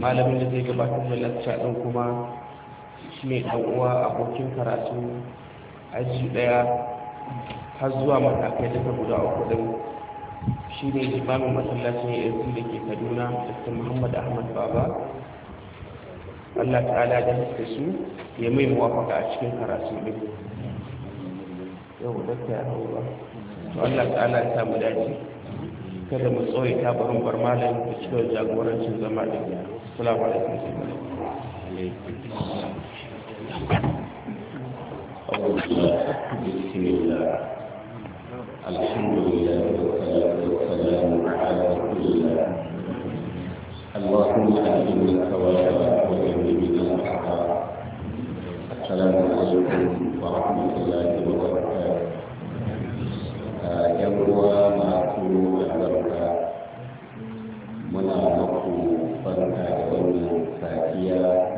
malamin da zai gabatar da lakca ɗin kuma shi ne ɗan'uwa abokin karatu aji ɗaya har zuwa matakai ta guda uku ɗin shi ne limamin masallacin yanzu da ke kaduna dr muhammad ahmad baba allah ta'ala da haska su ya mai muwafaka a cikin karatu ɗin yau da ta yi hauwa to allah ta'ala ya samu dace kada mu tsoye ta barin malam da cikin jagorancin zama da gyara السلام عليكم بسم الله الحمد لله والصلاة والسلام على رسول الله اللهم أجلنا الثواب وجنبنا الأعراض السلام عليكم ورحمة الله بركة أول فاتية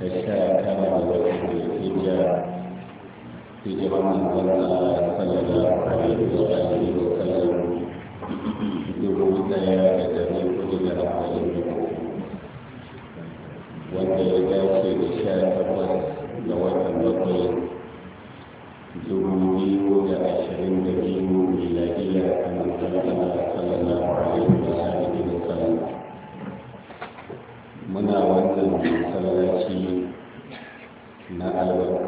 تشاء كما وجه الهجرة في جمع الله صلى الله عليه وآله وسلم دروس يا أدمي كل العالمين wanda ya dace da sha takwas da watan bakwai dubu biyu da ashirin da biyu miladiya a manzan Allah sallallahu alaihi na albarka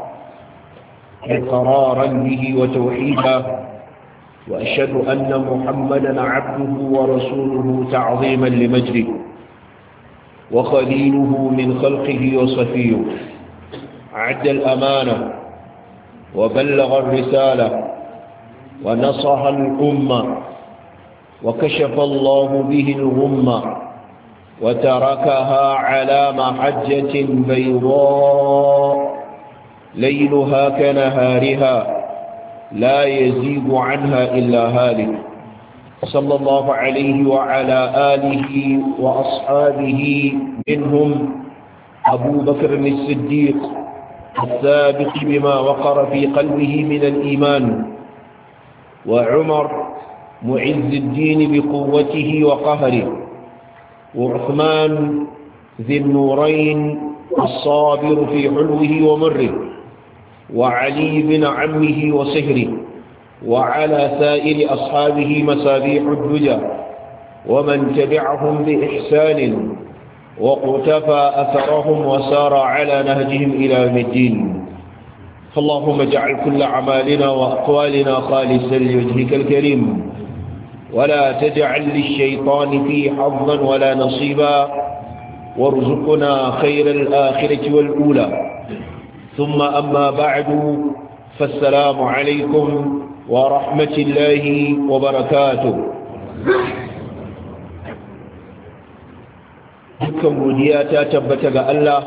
إقرارا به وتوحيدا وأشهد أن محمدا عبده ورسوله تعظيما لمجده وخليله من خلقه وصفيه عد الأمانة وبلغ الرسالة ونصح الأمة وكشف الله به الغمة وتركها على محجة بيضاء ليلها كنهارها لا يزيد عنها إلا هالك صلى الله عليه وعلى آله وأصحابه منهم أبو بكر الصديق السابق بما وقر في قلبه من الإيمان وعمر معز الدين بقوته وقهره وعثمان ذي النورين الصابر في حلوه ومره وعلي بن عمه وصهره وعلى سائر أصحابه مسابيح الدجا ومن تبعهم بإحسان وقتفى أثرهم وسار على نهجهم إلى الدين فاللهم اجعل كل عمالنا وأقوالنا خالصا لوجهك الكريم ولا تجعل للشيطان فيه حظا ولا نصيبا وارزقنا خير الآخرة والأولى ثم أما بعد فالسلام عليكم ورحمة الله وبركاته dukkan godiya ta tabbata ga Allah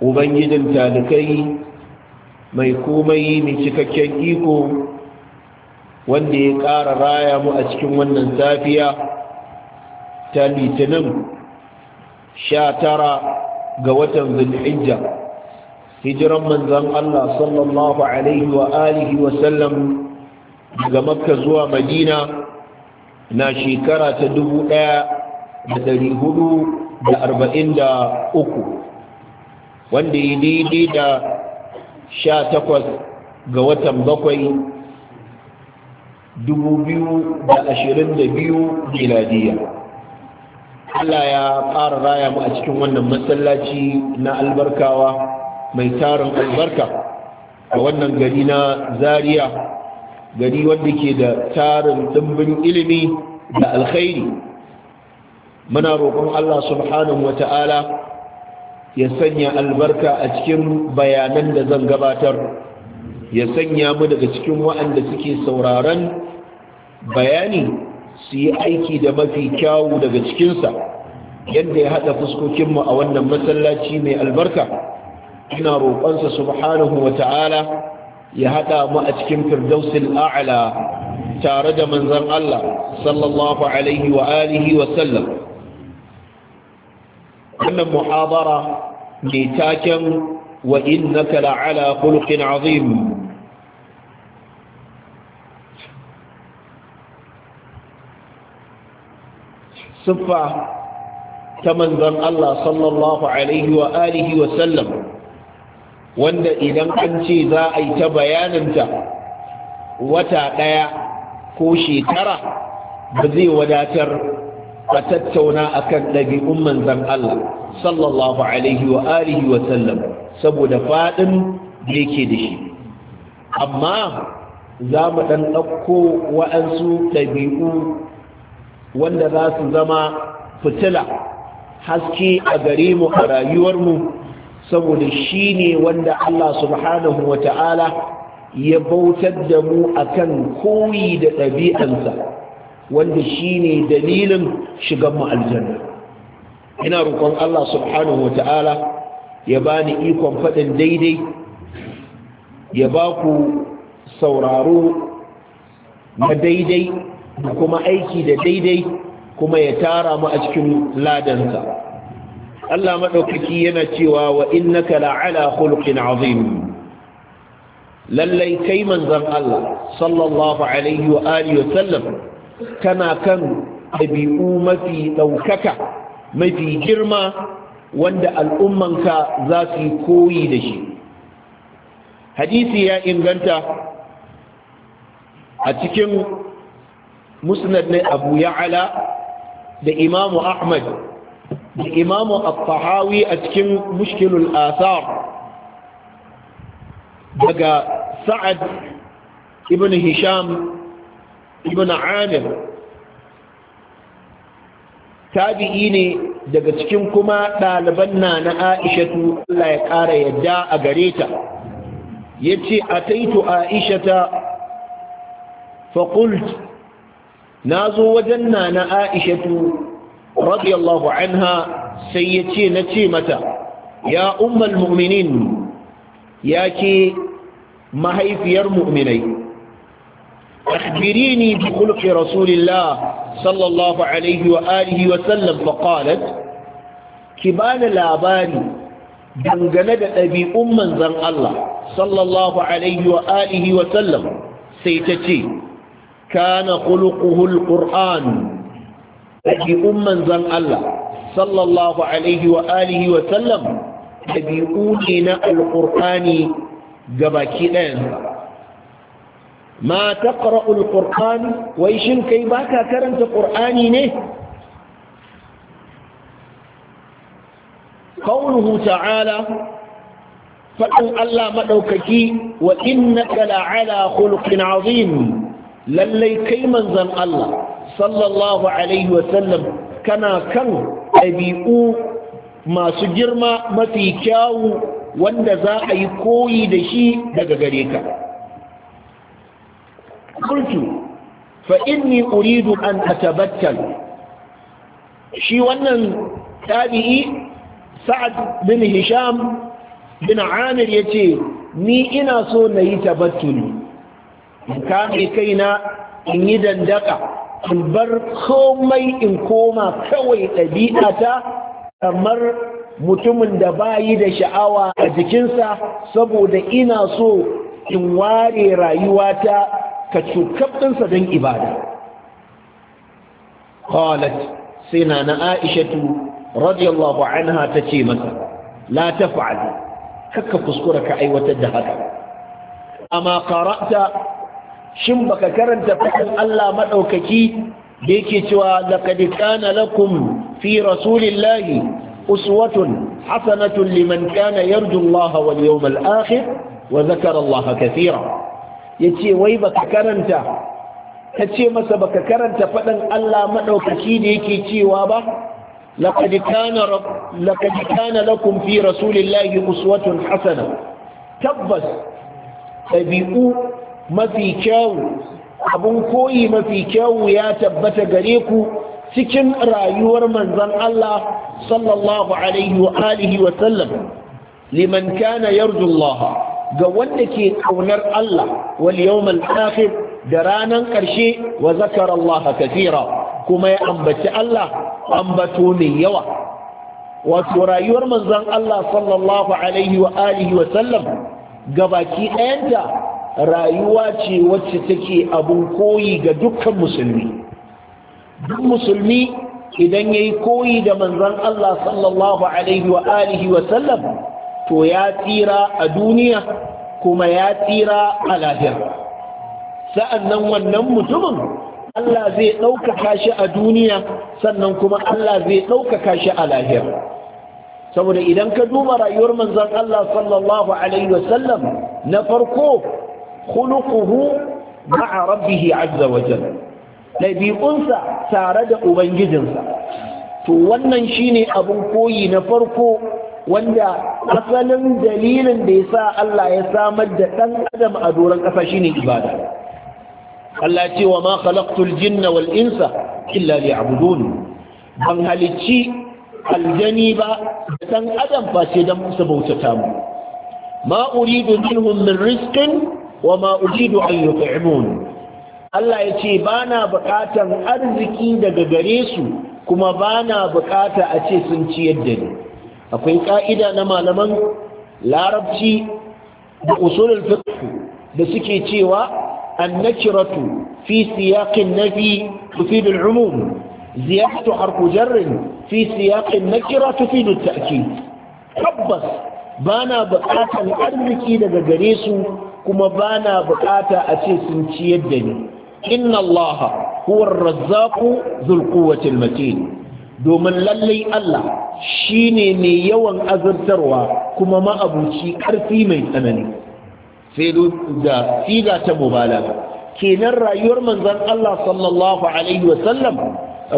ubangijin talikai mai komai mai cikakken iko wanda ya ƙara raya mu a cikin wannan safiya ta litinin sha tara ga watan zulhijja hijiran manzan Allah sallallahu alaihi wa alihi wa sallam daga makka zuwa madina na shekara ta dubu ɗaya da dari hudu da arba'in da uku wanda ya daidai da sha takwas ga watan bakwai dubu biyu da ashirin da biyu miladiya Allah ya ƙara raya mu a cikin wannan masallaci na albarkawa mai tarin albarka a wannan gari na zaria gari wanda ke da tarin dimbin ilimi da alkhairi muna roƙon Allah subhanahu wa ta'ala ya sanya albarka a cikin bayanan da zan gabatar ya sanya mu daga cikin waɗanda suke sauraron bayani su yi aiki da mafi kyawu daga cikinsa yadda ya haɗa fuskokinmu a wannan masallaci mai albarka ina roƙonsa subhanahu wa ta'ala ya haɗa mu a cikin firdausil a'la tare da manzon Allah sallallahu alaihi wa alihi wa sallam wannan muhabara mai taken wa innaka la'ala khuluqin azim siffa ta manzon Allah sallallahu alaihi wa alihi wa sallam wanda idan an ce za a yi ta bayaninta wata ɗaya ko shekara ba zai wadatar a tattauna akan ɗabi'un manzan Allah sallallahu alaihi wa alihi wa sallam saboda faɗin da yake da shi amma za mu ɗan ɗauko wa'ansu ɗabi'u wanda za su zama fitila haske a gare mu a rayuwarmu saboda shi ne wanda Allah subhanahu wa ta'ala ya bautar da mu akan koyi da ɗabi'ansa wanda shi ne dalilin shiganmu aljanna ina roƙon Allah subhanahu wa ta'ala ya ba ni ikon faɗin daidai ya ba ku sauraro na daidai da kuma aiki da daidai kuma ya tara mu a cikin ladansa Allah maɗaukaki yana cewa wa innaka la'ala khulqin azim lallai kai manzan Allah sallallahu alaihi wa alihi wa sallam kana kan ɗabi'u mafi ɗaukaka mafi girma wanda al'ummanka za su yi koyi da shi hadisi ya inganta a cikin musnad na abu ya'ala da imamu ahmad الإمام الطحاوي أتكم مشكل الآثار بقى سعد ابن هشام ابن عامر تابعيني دقى تكمكما تالبنا نآئشة لا يقار يداء غريتا يتي أتيت آئشة فقلت نازو وجنا نآئشة radiyallahu anha sai yace ce na ce mata ya ummal mu'minin ya ke mahaifiyar mu'minai akhbirini bi khulqi rasulillah sallallahu alaihi wa wa sallam fa qalat ki bani labari dangane da ɗabi'un manzon Allah sallallahu alaihi wa wa sallam sai ta ce kana khuluquhu alquran ɗabi'un manzon Allah sallallahu alaihi wa alihi wa sallam ɗabi'u ne na alƙur'ani gabaki ɗayansa ma taqra'u alqur'an wai shin kai baka karanta ƙur'ani ne qawluhu ta'ala faɗin Allah maɗaukaki wa innaka la'ala khuluqin azim lallai kai manzon Allah sallallahu alaihi wasallam kana kan ɗabi'u masu girma mafi kyawu wanda za a yi koyi da shi daga gare ka kultu fa inni uridu an atabattal shi wannan tabi'i sa'ad bin hisham bin amir yace ni ina so na yi tabattuli kame kaina in yi dandaka in bar komai in koma kawai ɗabi'ata kamar mutumin da bayi da sha'awa a jikinsa saboda ina so in ware rayuwata ka cukabinsa don ibada. Qalat sai na na Aishatu radiyallahu anha ta ce masa, La ta fa'ad, kakka kuskura ka aiwatar da haka. Amma karata shin baka karanta faɗin Allah maɗaukaki? da yake cewa laqad kana lakum fi rasulillahi uswatun hasanatun liman kana yarju Allah wal yawmal akhir wa dhakara Allah kathira yace wai baka karanta kace masa baka karanta faɗin Allah madaukaki da yake cewa ba لقد كان رب لقد كان لكم في رسول ɗabi'u mafi kyawu abun koyi mafi kyawu ya tabbata gare ku cikin rayuwar manzon Allah sallallahu alaihi wa alihi wa sallam liman kana yarju ga wanda ke kaunar Allah wal yawmal akhir da ranan karshe wa zakara Allah kathira kuma ya ambaci Allah ambato mai yawa wato rayuwar manzon Allah sallallahu alaihi wa alihi wa sallam gabaki ɗayanta rayuwa ce wacce take abun koyi ga dukkan musulmi duk musulmi idan ya yi koyi da manzon Allah sallallahu alaihi wa alihi wa sallam to ya tsira a duniya kuma ya tsira a lahira sa'annan wannan mutumin Allah zai ɗaukaka shi a duniya sannan kuma Allah zai ɗaukaka shi a lahira saboda idan ka duba rayuwar manzon Allah sallallahu alaihi wa sallam na farko khuluquhu ma'a rabbih azza wa jalla dabi'unsa tare da ubangijinsa to wannan shine abun koyi na farko wanda asalin dalilin da ya sa Allah ya samar da ɗan adam a doron ƙasa shine ibada Allah ce wa ma khalaqtul jinna wal insa illa liya'budun ban halicci aljani ba da ɗan adam face dan musu bautata mu ma uridu minhum min rizqin wa ma'ujidu ujidu an yut'imun Allah ya ce ba na bukatan arziki daga gare su kuma ba na bukata a ce sun ciyar da ni akwai ƙa'ida na malaman larabci da usulul fiqh da suke cewa annakiratu fi siyaqin nafi tufidu al-umum ziyadatu harfu jar fi siyaqin nakira tufidu at-ta'kid tabbas bana buƙatar arziki daga gare su kuma ba na bukata a ce sun ciyar da ni inna allaha huwar razzaku zulkuwacin matin domin lallai allah shine mai yawan azurtarwa kuma ma'abuci ƙarfi mai tsanani sai da siga ta mubalaga kenan rayuwar Manzon allah sallallahu alaihi wasallam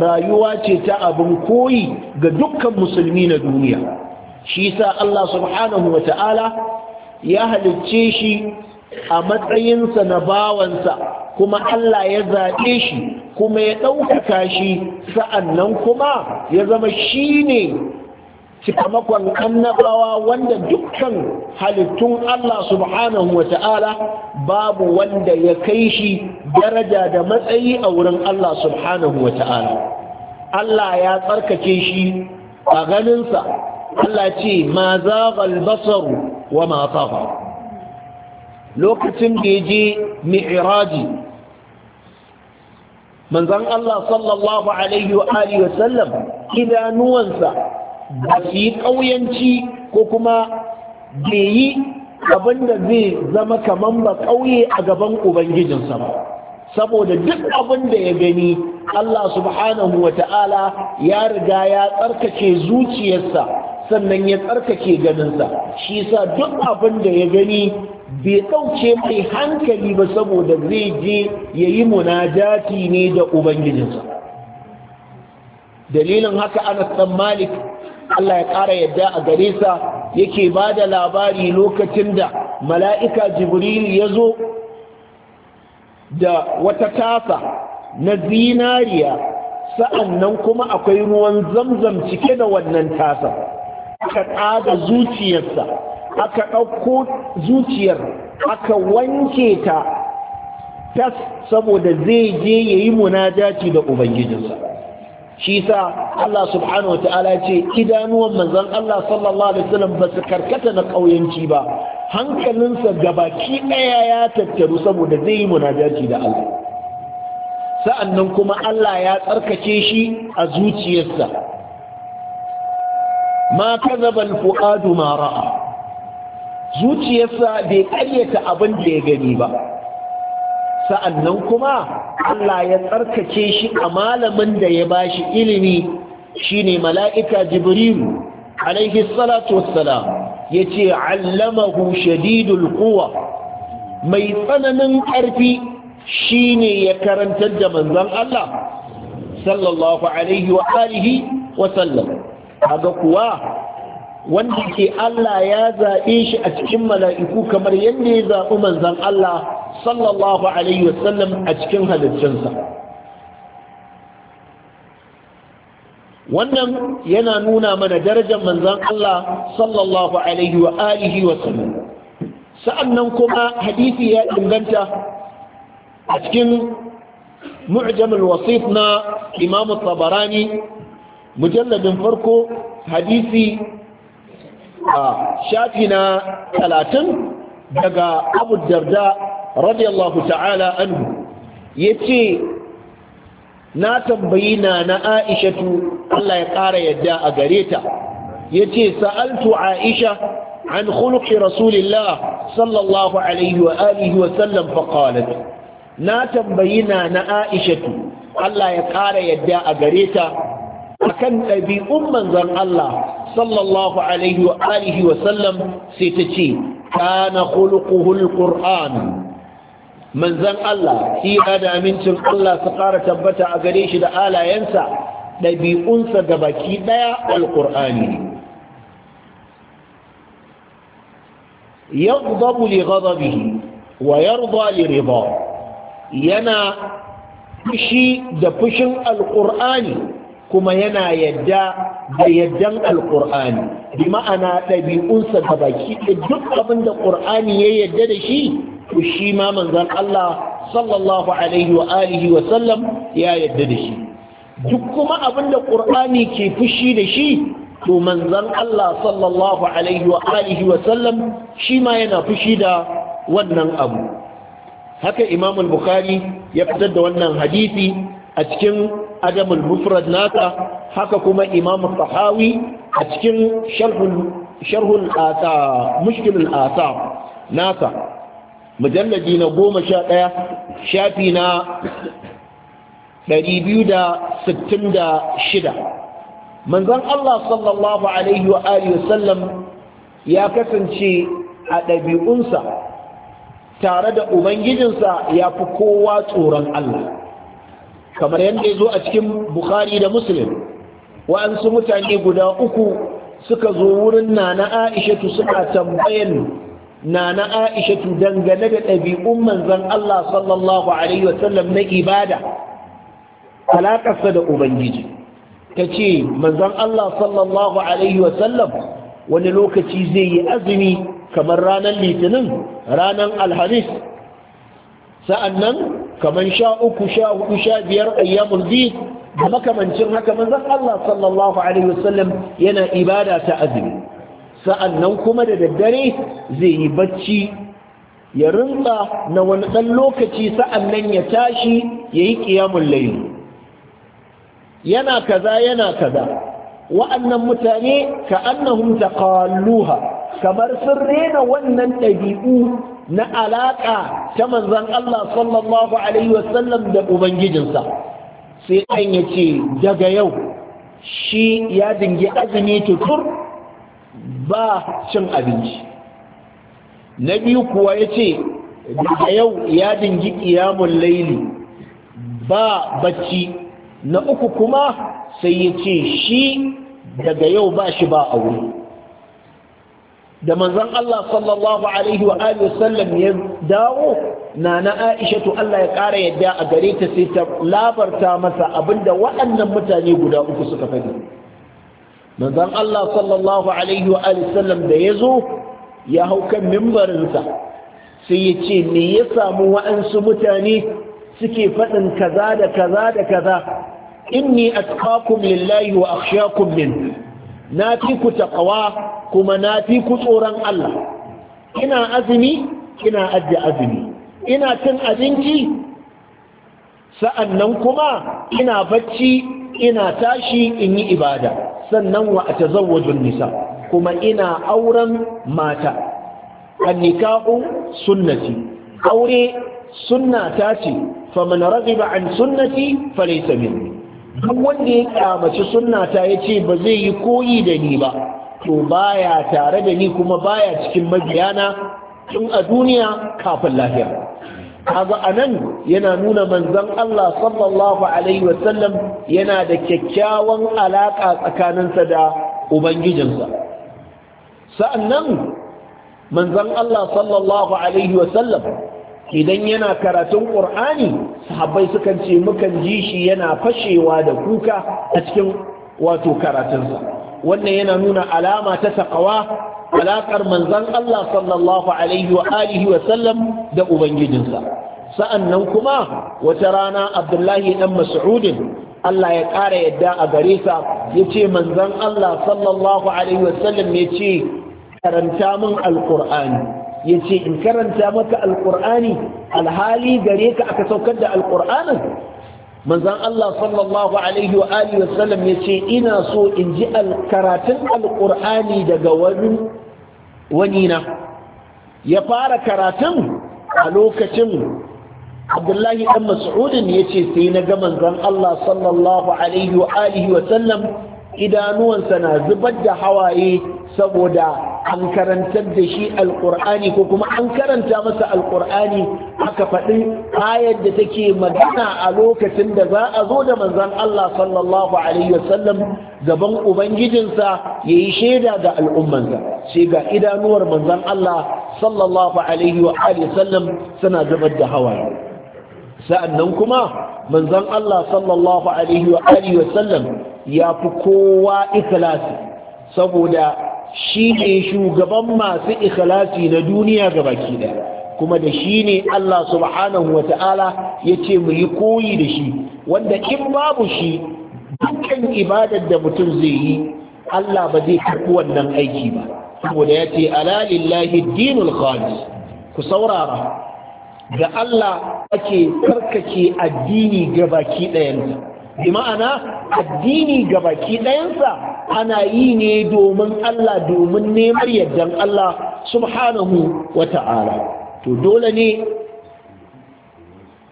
rayuwa ce ta abin koyi ga dukkan musulmi na duniya shi sa Allah subhanahu wa ta'ala ya halicce shi a matsayinsa na bawansa kuma Allah ya zaɓe shi kuma ya ɗaukaka shi sa'an nan kuma ya zama shi ne cikamakon annabawa wanda dukkan halittun Allah subhanahu wa ta'ala babu wanda ya kai shi daraja da matsayi a wurin Allah subhanahu wa ta'ala. Allah ya tsarkake shi a ganinsa, Allah ce, ma zagal basaru wa ma tafa. lokacin da ya je miiraji manzon Allah sallallahu alaihi wa alihi wa idanuwansa ba su yi ƙauyanci ko kuma bai yi abin da zai zama kaman ba ƙauye a gaban ubangijinsa ba saboda duk abin da ya gani Allah subhanahu wa ta'ala ya riga ya tsarkake zuciyarsa sannan ya tsarkake ganinsa shi sa duk abin da ya gani bai ɗauke mai hankali ba saboda zai je ya yi munajati ne da ubangijinsa dalilin haka anas dan malik allah ya ƙara yadda a gare sa yake ba da labari lokacin da mala'ika jibril ya zo da wata tasa na zinariya sa'an nan kuma akwai ruwan zamzam cike da wannan tasa aka tsaga zuciyarsa aka ɗauko zuciyar aka wanke ta fas saboda zai je ya yi munajati da ubangijinsa shi sa Allah subhanahu Ta'ala ce idanuwan manzon Allah sallallahu alaihi wasallam ba su karkata na ƙauyanci ba hankalinsa gabaki ɗaya ya tattaru saboda zai yi munajati da Allah sa'annan kuma Allah ya tsarkake shi a zuciyarsa ma kazaba Fu'adu ma ra'a zuciyarsa bai karyata abin da ya gani ba sa'annan kuma Allah ya tsarkake shi a malamin da ya bashi ilimi shine mala'ika jibrilu alaihi salatu wassalam yace allamahu shadidul quwa mai tsananin ƙarfi shine ya karantar da manzon Allah sallallahu alaihi wa alihi wa sallam kaga kuwa wanda ke Allah ya zaɓe shi a cikin mala'iku kamar yadda ya zaɓi manzan Allah sallallahu alaihi wasallam a cikin halittunsa wannan yana nuna mana darajar manzan Allah sallallahu alaihi wa alihi wasallam sa'annan kuma hadisi ya inganta a cikin mu'jamul wasif na imamu tabarani mujalladin farko hadisi a shafi na talatin daga abu darda radiyallahu ta'ala anhu ya ce na tambayi na na aishatu Allah ya ƙara yadda a gare ta ya ce sa'altu aisha an khuluqi rasulillah sallallahu alaihi wa alihi wa sallam faqalat na tambayi na na aishatu Allah ya ƙara yadda a gare ta akan ɗabi'un manzon Allah sallallahu alaihi wa alihi wa sallam sai ta ce kana khuluquhul qur'an manzon Allah shi da amincin Allah su ƙara tabbata a gare shi da alayensa ɗabi'unsa ga baki ɗaya alƙur'ani يغضب لغضبه ويرضى لرضاه ينا فشي دفشن القرآن kuma yana yadda da yaddan alkur'ani bi ma'ana ɗabi'unsa da baki duk abin da ƙur'ani ya yadda da shi to shi ma Allah sallallahu alaihi wa alihi wa sallam ya yadda da shi duk kuma abin da ƙur'ani ke fushi da shi to manzon Allah sallallahu alaihi wa alihi wa sallam shi ma yana fushi da wannan abu haka imam al-bukhari ya fitar da wannan hadisi a cikin adamul mufrad naka haka kuma imamu tahawi a cikin sharhul asa mushkilul asa nasa mujalladi na goma sha ɗaya shafi na ɗari biyu da sittin da shida manzon Allah sallallahu alaihi wa alihi sallam ya kasance a ɗabi'unsa tare da ubangijinsa ya fi kowa tsoron Allah kamar yadda ya zo a cikin bukhari da muslim wa'ansu mutane guda uku suka zo wurin nana aishatu suna tambayan nana aishatu dangane da ɗabi'un manzan Allah sallallahu alaihi wasallam na ibada alaƙarsa da ubangiji ta ce manzan Allah sallallahu alaihi wasallam wani lokaci zai yi azumi kamar ranar litinin ranar alhamis sa'annan kaman sha uku sha hudu sha biyar ayyamul bi da makamancin haka manzan Allah sallallahu alaihi wasallam yana ibada ta azumi sa'annan kuma da daddare zai yi bacci ya rinsa na wani ɗan lokaci sa'annan ya tashi ya yi ƙiyamun laili yana kaza yana kaza wa'annan mutane ka annahum taqalluha kamar sun rena wannan ɗabi'u na alaƙa ta manzan Allah sallallahu Alaihi wasallam da Ubangijinsa sai an ya ce daga yau shi ya dingi azumi tutur ba cin abinci na biyu kuwa ya ce daga yau ya dingi iyamun laili ba bacci na uku kuma sai ya ce shi daga yau ba shi ba wuri. da manzon Allah sallallahu alaihi wa alihi ya dawo na na Aisha to Allah ya ƙara yadda a gare ta sai ta labarta masa abinda waɗannan mutane guda uku suka faɗi manzon Allah sallallahu alaihi wa alihi da ya zo ya hau kan mimbarinsa sai ya ce me ya samu wa'ansu mutane suke faɗin kaza da kaza da kaza inni atqakum lillahi wa akhshakum min na fi ku taƙawa kuma na fi ku tsoron Allah ina azumi ina ajiye azumi ina cin abinci sa'annan kuma ina bacci ina tashi in yi ibada sannan wa a wajen nisa kuma ina auren mata annikahu sunnati aure sunnata ce faman ba an sunnati falaysa minni duk wanda ya kyamaci sunnata ya ce ba zai yi koyi da ni ba to baya tare da ni kuma baya cikin mabiyana tun a duniya kafin lafiya kaga anan yana nuna manzon Allah sallallahu alaihi wasallam yana da kyakkyawan alaka tsakaninsa da ubangijinsa sa'annan manzon Allah sallallahu alaihi wasallam idan yana karatun ƙur'ani sahabbai sukan ce mukan ji shi yana fashewa da kuka a cikin wato karatunsa wannan yana nuna alama ta taƙawa, alaƙar manzan Allah sallallahu alaihi wa alihi wa sallam da ubangijinsa sa'annan kuma wata rana abdullahi dan mas'udin Allah ya ƙara yadda a gare sa ya ce manzan Allah sallallahu alaihi wa sallam ya ce karanta min alƙur'ani ya ce in karanta maka alƙur'ani alhali gare ka aka saukar da alkur'anin manzan Allah sallallahu alaihi wa alihi wa sallam ya ce ina so in ji karatun alƙur'ani daga wani wani na ya fara karatun a lokacin abdullahi dan mas'udin ya ce sai na ga manzan Allah sallallahu alaihi wa alihi wa sallam idanuwansa na zubar da hawaye saboda an karantar da shi alƙur'ani ko kuma an karanta masa alƙur'ani aka faɗi ayar da take magana a lokacin da za a zo da manzan Allah sallallahu alaihi wasallam gaban ubangijinsa ya yi shaida ga al'ummansa sai ga idanuwar manzan Allah sallallahu alaihi wa sallam suna zubar da hawaye sa'annan kuma manzan Allah sallallahu alaihi wa sallam ya fi kowa ikhlasi saboda shi ne shugaban masu ikhlasi na duniya ga baki daya kuma da shi ne Allah subhanahu wa ta'ala ya ce mu yi koyi da shi wanda in babu shi dukkan ibadar da mutum zai yi Allah ba zai karɓi wannan aiki ba saboda ya ce ala lillahi dinul khalis ku saurara ga Allah ake karkace addini ga baki ɗayan. bi ma'ana addini ga baki ɗayansa ana yi ne domin Allah domin neman yardan Allah subhanahu wa ta'ala to dole ne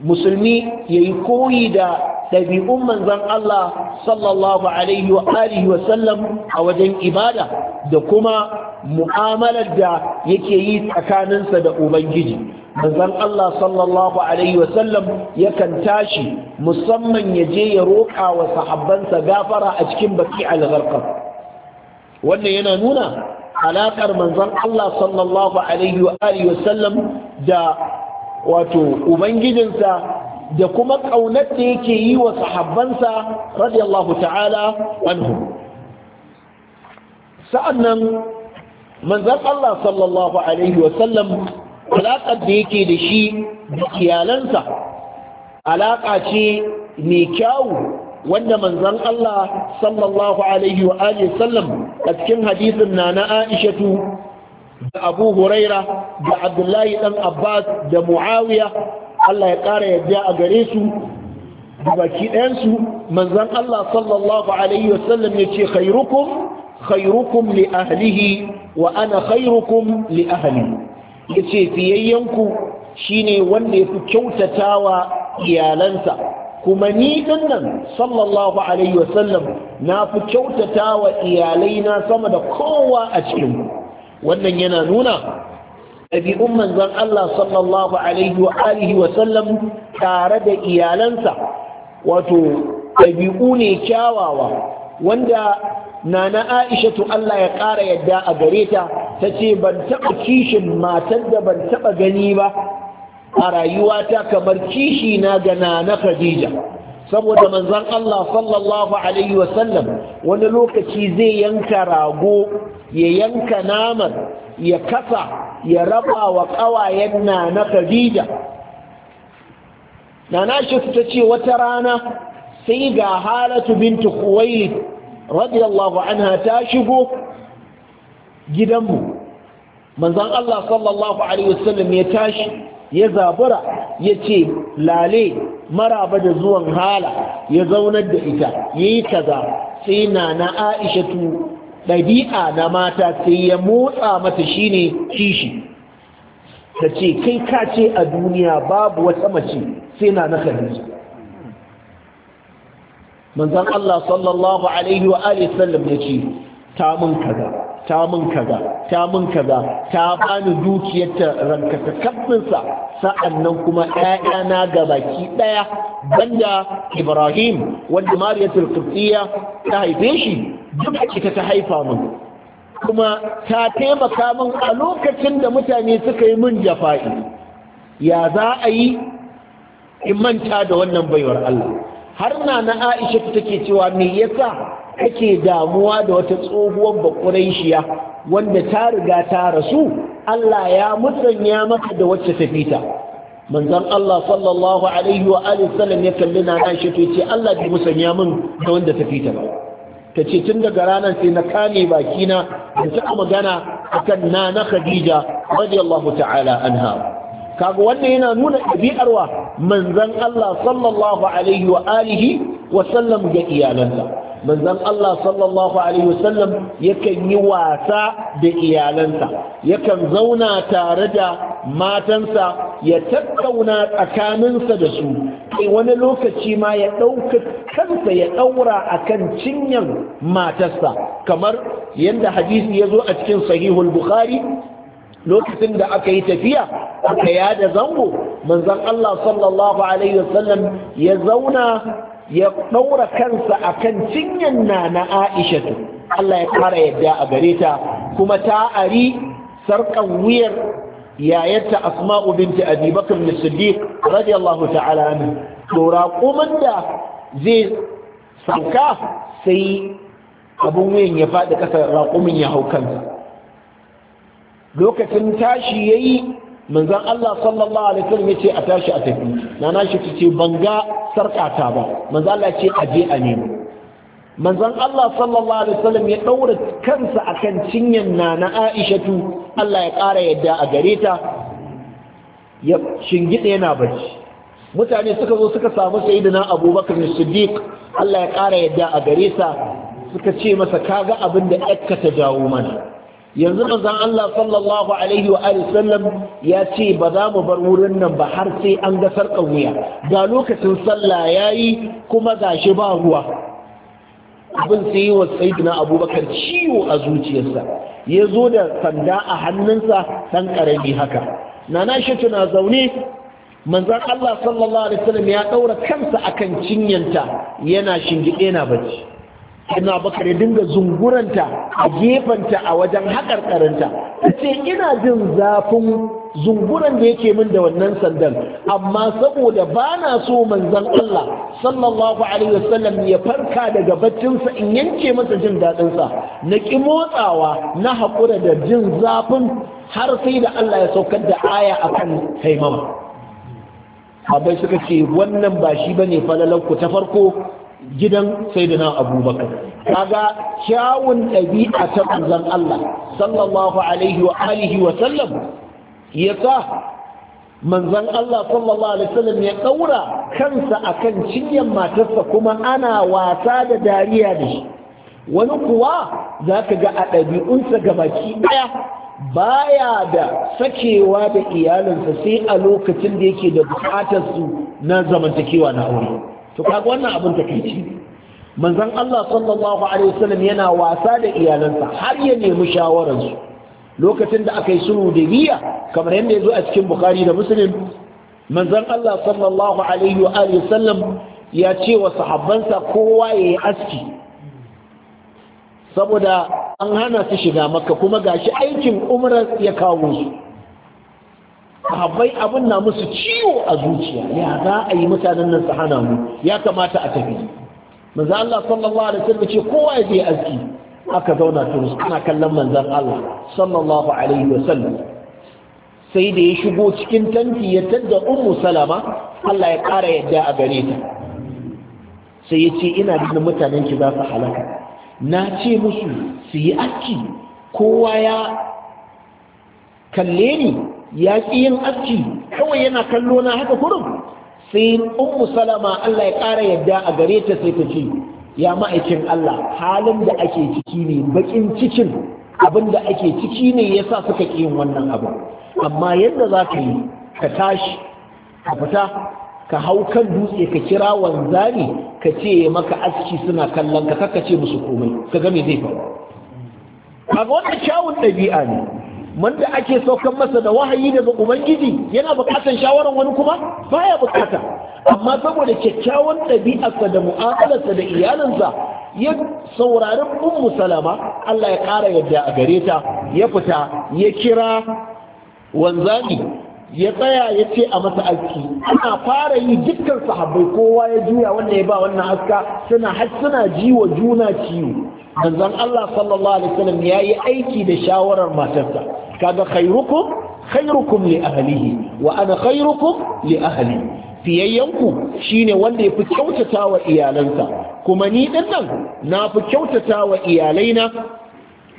musulmi ya yi koyi da ɗabi'un manzan Allah sallallahu alaihi wa alihi wa sallam a wajen ibada da kuma mu'amalar da yake yi tsakaninsa da Ubangiji manzon Allah sallallahu alaihi wasallam yakan tashi musamman ya je ya roƙa wa sahabbansa gafara a cikin baki al-gharqab wannan yana nuna alaƙar manzon Allah sallallahu alaihi wa alihi wasallam da wato ubangijinsa da kuma ƙaunar da yake yi wa sahabbansa radiyallahu ta'ala anhu sa'annan manzan Allah sallallahu alaihi wasallam alaƙar da yake da shi da iyalansa alaƙa ce mai kyawu wanda manzon Allah sallallahu alaihi wa sallam a cikin hadisin na na Aishatu da Abu Huraira da Abdullahi ɗan Abbas da Muawiya Allah ya ƙara yadda a gare su da baki ɗayansu Manzan Allah sallallahu alaihi wa sallam ya ce khairukum khairukum li ahlihi wa ana khairukum li ahli ya ce fiyayyenku shine wanda ya fi kyautatawa iyalansa kuma ni dinnan sallallahu alaihi wasallam na fi kyautatawa iyalaina sama da kowa a cikin wannan yana nuna ɗabi'un manzon Allah sallallahu alaihi wa alihi wasallam tare da iyalansa wato ɗabi'u ne kyawawa wanda nana aisha tu Allah ya ƙara yadda a gare ta ta ce ban taɓa kishin matar da ban taɓa gani ba a rayuwata kamar kishi na ga nana khadija saboda manzon Allah sallallahu alaihi wasallam wani lokaci zai yanka rago ya yanka naman ya kasa ya raba wa ƙawayen nana khadija nana shi ta ce wata rana sai ga halatu bintu khuwailid radiyallahu anha ta shigo gidanmu manzan Allah sallallahu alaihi wasallam ya tashi ya zabura ya ce lale maraba da zuwan hala ya zaunar da ita ya yi kaza sai na Aisha aishatu ɗabi'a na mata sai ya motsa mata shine kishi ta ce kai ka ce a duniya babu wata mace sai na na khadija manzon Allah sallallahu alaihi wa yace ta mun kaza ta mun kaza ta mun kaza ta bani dukiyar ta kafin sa sa'annan kuma ga gabaki ɗaya, banda Ibrahim wanda Mariyatul Qibtiyya ta haife shi duk ita ta haifa mun kuma ta taimaka mun a lokacin da mutane suka yi min jafa'i ya za a yi in manta da wannan baiwar Allah har na na aisha ta take cewa me yasa kake damuwa da wata tsohuwar bakuraishiya wanda ta riga ta rasu Allah ya musanya maka da wacce ta fita manzon Allah sallallahu alaihi wa alihi sallam ya kalli na aisha ta ce Allah bai musanya min da wanda ta fita ba ta ce tun daga ranar sai na kame bakina da ta magana akan nana na Khadija radiyallahu ta'ala anha kaga wannan yana nuna ɗabi'arwa manzan Allah sallallahu alaihi wa alihi wa sallam ga iyalansa manzan Allah sallallahu alaihi wa sallam yakan yi wasa da iyalansa yakan zauna tare da matansa ya tattauna tsakaninsa da su kai wani lokaci ma ya ɗauka kansa ya ɗaura a kan cinyar matarsa kamar yadda hadisi ya zo a cikin sahihul bukhari lokacin da aka yi tafiya aka yada zango manzon Allah sallallahu alaihi wasallam ya zauna ya ɗaura kansa kan cinyan na na Aisha Allah ya kara yadda a gare ta kuma ta ari sarkan wuyar yayarta Asma'u binti Abibakar Bakr as-Siddiq radiyallahu ta'ala da zai sauka sai abun wuyan ya faɗi ƙasa raƙumin ya hau kansa lokacin tashi ya yi, manzan Allah sallallahu alaihi wasallam yace a tashi a tafi na na shi ce ban ga sarƙata ba manzon Allah ce a je a nemo Manzan Allah sallallahu alaihi wasallam ya daura kansa akan cinyan Aisha Aishatu Allah ya ƙara yadda a gare ta ya shingide yana barci. mutane suka zo suka samu sayyidina Abubakar Siddiq Allah ya ƙara yadda a gare sa suka ce masa kaga abin da ƴakka ta jawo mana yanzu manzon Allah sallallahu alaihi wa sallam ya ce ba za mu bar wurin nan ba har sai an ga sarƙar wuya ga lokacin sallah yayi kuma shi ba ruwa abin sai yi wa sayyidina abubakar ciwo a zuciyarsa ya zo da sanda a hannunsa dan karami haka nana shi tuna zaune manzon Allah sallallahu alaihi ya daura kansa akan cinyanta yana shingide na bacci ina bakar ya dinga zunguranta a gefanta a wajen haƙarƙarinta ta ce ina jin zafin zunguran da yake min da wannan sandan amma saboda ba na so manzon Allah sallallahu alaihi wasallam ya farka daga baccinsa in yanke masa jin daɗinsa na ƙi motsawa na haƙura da jin zafin har sai da Allah ya saukar da aya akan taimama abai suka ce wannan ba shi bane falalanku ta farko gidan sayyidina abubakar kaga kyawun ɗabi'a ta manzon Allah sallallahu alaihi wa alihi wa sallam ya sa manzon Allah sallallahu alaihi wasallam ya daura kansa akan cinyan matarsa kuma ana wasa da dariya da shi wani kuwa zaka ga a ɗabi'unsa gabaki ɗaya baya da sakewa da iyalinsa sai a lokacin da yake da bukatar su na zamantakewa na aure to kaga wannan abin takeici manzon Allah sallallahu alaihi wasallam yana wasa da iyalansa har ya nemi shawararsu lokacin da aka yi sulhu da biya kamar yadda ya zo a cikin bukhari da muslim manzon Allah sallallahu alaihi wa alihi wasallam ya ce wa sahabbansa kowa ya yi aski saboda an hana su shiga makka kuma gashi aikin umrar ya kawo su bai abin na musu ciwo a zuciya ya za a yi mutanen nan su mu ya kamata a tafi manzo Allah sallallahu alaihi wasallam ce kowa ya je aski aka zauna turus ana kallon manzon Allah sallallahu alaihi wasallam sai da ya shigo cikin tanti ya tadda ummu salama Allah ya kara yadda a gare ta sai ya ce ina da mutanen ki za su halaka na ce musu su yi aski kowa ya kalle ni ya ƙi yin aski kawai yana kallo na haka kurum sai ummu salama Allah ya ƙara yadda a gare ta sai ta ce ya ma'aikin Allah halin da ake ciki ne bakin cikin abin da ake ciki ne ya sa suka ƙi yin wannan abu amma yadda za ka yi ka tashi ka fita ka hau kan dutse ka kira wanzani ka ce maka aski suna kallon ka kaka ce musu komai ka ga me zai faru kaga wannan kyawun ɗabi'a ne wanda ake saukan masa da wahayi daga ubangiji yana bukatar shawaran wani kuma baya bukata amma saboda kyakkyawan ɗabi'arsa da mu'amalarsa da iyalinsa ya saurari ummu salama Allah ya ƙara yadda a gare ta ya fita ya kira wanzami ya tsaya ya ce a masa aski ana fara yi dukkan sahabbai kowa ya juya wanda ya ba wannan aska suna har suna ji wa juna ciwo manzon Allah sallallahu alaihi wasallam ya yi aiki da shawarar matarsa kaga khairukum khairukum li ahlihi wa ana khairukum li ahli fiyayyanku shine wanda ya fi kyautata wa iyalansa kuma ni din nan na fi kyautata wa iyalaina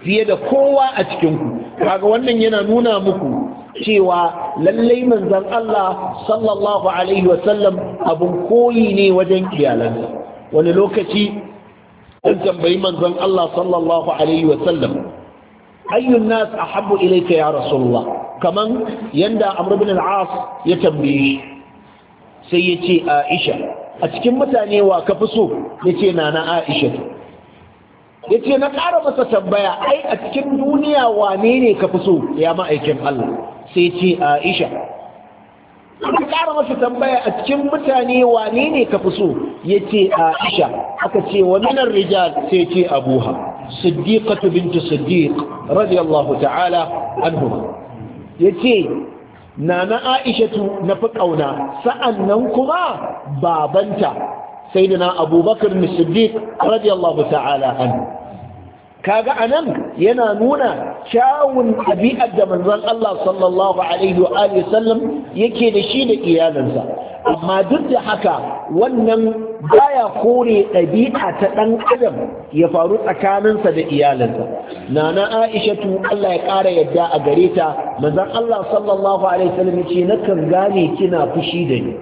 fiye da kowa a cikinku kaga wannan yana nuna muku cewa lallai manzon Allah sallallahu alaihi wasallam abun koyi ne wajen iyalansa wani lokaci an tambayi manzan Allah sallallahu alaihi wasallam ayyun nas ahabbu ilayka ya rasulullah kaman yanda amr ibn al-as ya tambaye sai ya ce aisha a cikin mutane wa ka fi so Ya ce na, na aisha Ya ce na ƙara masa tambaya ai a cikin duniya wane ne ka fi so ya ma'aikin Allah sai ce aisha aka ƙara masa tambaya a cikin mutane wane ne ka fi so ya ce aisha aka ce wa minar rijal sai ce abuha siddiqatu bintu siddiq radiyallahu ta'ala anhu ya ce nana aishatu na fi ƙauna sa'annan kuma babanta sayyidina abubakar siddiq radiyallahu ta'ala anhu kaga anan yana nuna kyawun ɗabi'ar da manzon Allah sallallahu alaihi wa alihi sallam yake da shi da iyalansa amma duk da haka wannan baya kore ɗabi'a ta ɗan adam ya faru tsakaninsa da iyalansa nana Aishatu Allah ya ƙara yadda a gare ta manzon Allah sallallahu alaihi wasallam yace nakan gane kina fushi da ni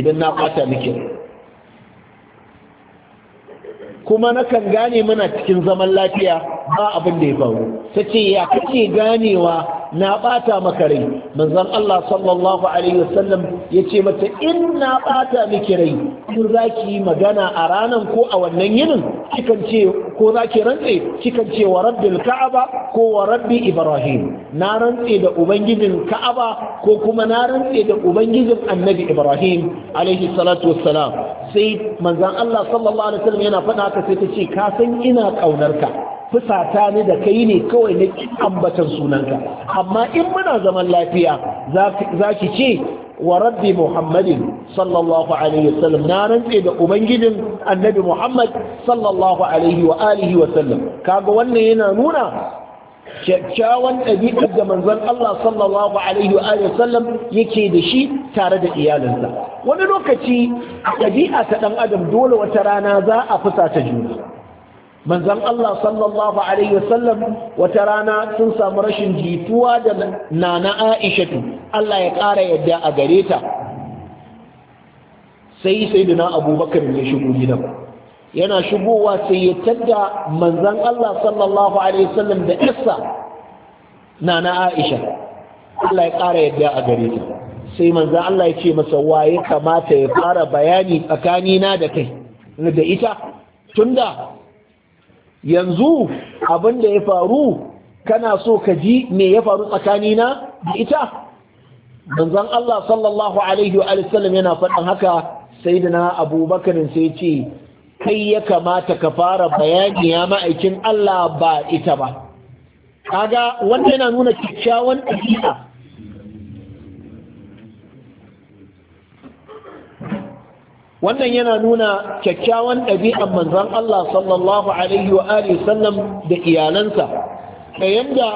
idan na ɓata miki kuma nakan gane muna cikin zaman lafiya ba abin da ya faru ta ce ya kake ganewa na bata maka rai manzon Allah sallallahu alaihi wasallam ya ce mata in na bata miki rai in za ki yi magana a ranan ko a wannan yinin kikan ce ko za ki rantse kikan ce wa rabbil ka'aba ko wa rabbi ibrahim na rantse da ubangijin ka'aba ko kuma na rantse da ubangijin annabi ibrahim alaihi salatu wassalam sai manzon Allah sallallahu alaihi wasallam yana faɗa haka sai ta ce ka san ina ƙaunarka fusata ni da kai ne kawai na ambatan sunanka amma in muna zaman lafiya za ki ce wa rabbi muhammadin sallallahu alaihi wasallam na rantse da ubangijin annabi muhammad sallallahu alaihi wa alihi wasallam kaga wannan yana nuna kyakkyawan ɗabi'ar da manzon Allah sallallahu alaihi wa alihi wasallam yake da shi tare da iyalinsa wani lokaci a ɗabi'a ta ɗan adam dole wata rana za a fusata juna Manzan Allah sallallahu alaihi wasallam wata rana sun samu rashin jituwa da nana Aishatu Allah ya ƙara yadda a gare ta sai sayyidina Abubakar ya shigo gidan yana shigowa sai ya tadda manzan Allah sallallahu alaihi wasallam da Isa nana Aisha Allah ya ƙara yadda a gare ta sai manzan Allah ya ce masa waye kamata ya fara bayani tsakanina da kai da ita tunda yanzu abin da ya faru kana so ka ji me ya faru tsakanina da ita manzon Allah sallallahu alaihi wa sallam yana faɗin haka sayyidina Abubakar sai ce kai ya kamata ka fara bayani ya ma'aikin Allah ba ita ba kaga wanda yana nuna kyakkyawan ɗabi'a wannan yana nuna kyakkyawan ɗabi'an manzon Allah sallallahu alaihi wa alihi sallam da iyalansa da yanda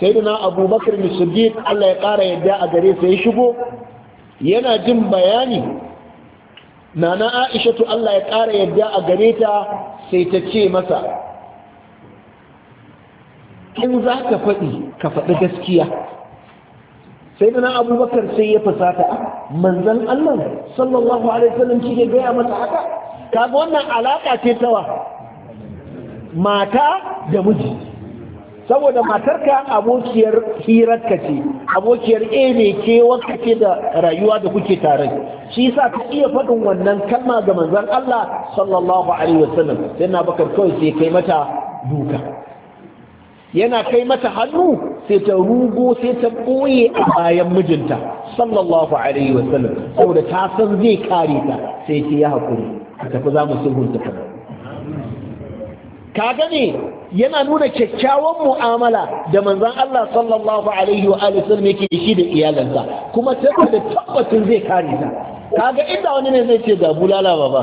sayyidina abubakar siddiq Allah ya ƙara yadda a gare sa ya shigo yana jin bayani nana aishatu Allah ya ƙara yadda a gare ta sai ta ce masa in za ka faɗi ka faɗi gaskiya sai dana abubakar sai ya fusata manzan allah sallallahu alaihi wasallam shi ke gaya masa haka kaga wannan alaka ce tawa mata da miji saboda matarka abokiyar hirarka ce abokiyar ebe ke wanka ce da rayuwa da kuke tare shi yasa ka iya faɗin wannan kalma ga manzan Allah sallallahu alaihi wasallam sai na bakar kawai sai kai mata duka yana kai mata hannu sai ta rugo sai ta ɓoye a bayan mijinta sallallahu alaihi wa sallam, saboda ta san zai kare ta sai ce ya haƙuri a tafi za mu sulhunta ta kaga ne yana nuna kyakkyawan mu'amala da manzon Allah sallallahu alaihi wa sallam yake shi da iyalansa kuma tana da tabbacin zai kare ta kaga inda wani ne zai ce ga bulala baba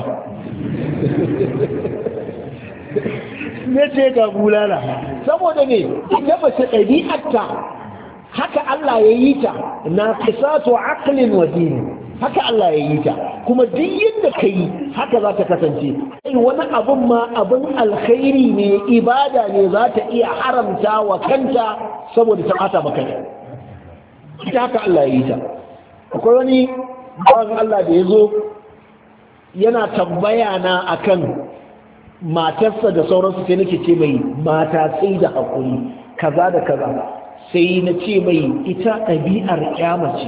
ne ce ga bulala saboda ne ita mace ɗabi'arta haka Allah ya yi ta na kisatu aqlin wa dini haka Allah ya yi ta kuma duk yadda ka yi haka za ta kasance kai wani abun ma abun alkhairi ne ibada ne za ta iya haramta wa kanta saboda ta ɓata maka haka Allah ya yi ta akwai wani bawan Allah da ya zo yana tambaya na akan matarsa da sauransu sai nake ce mai mata sai da hakuri kaza da kaza sai na ce mai ita ɗabi'ar ce,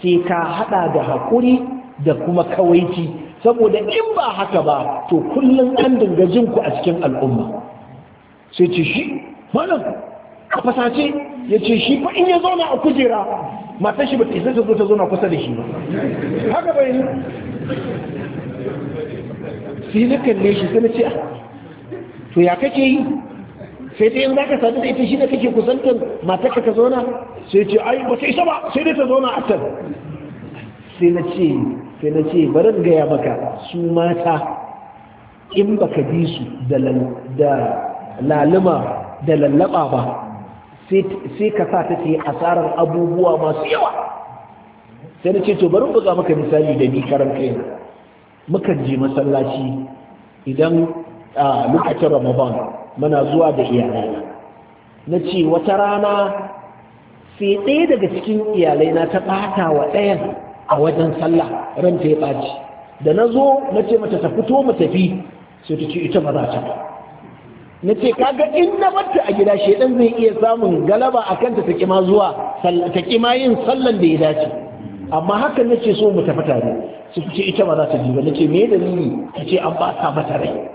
sai ka haɗa da hakuri da kuma kawaici saboda in ba haka ba to kullum an dinga ku a cikin al'umma sai ce shi malam a fasace ya ce shi fa in ya zauna a kujera matar shi ba ta isa ta zo ta zauna kusa da shi ba haka bai sai na kalle shi sai na ce ah, to ya kake yi sai ta yin za ka sadu da ita shi da kake kusantar matar ka zauna sai ce ai ba sai ba sai dai ta zauna a can sai na ce sai na ce barin gaya maka su mata in ba ka bi su da laluma da lallaba ba sai ka sa ta ce asarar abubuwa masu yawa sai na ce to barin buga maka misali da ni karan kaina mukan je masallaci idan a lokacin ramadan muna zuwa da iyalai na ce wata rana sai ɗaya daga cikin iyalai na ta ɓata wa ɗayan a wajen sallah ran ta ya ɓaci da na zo na ce mata ta fito mu tafi sai ta ce ita ba za ta na ce kaga in na barta a gida dan zai iya samun galaba a kanta ta kima zuwa ta kima yin sallan da ya dace amma hakan na ce so mu tafi tare su ce ita ba za ta ji ba nace me dalili ta ce an ta mata rai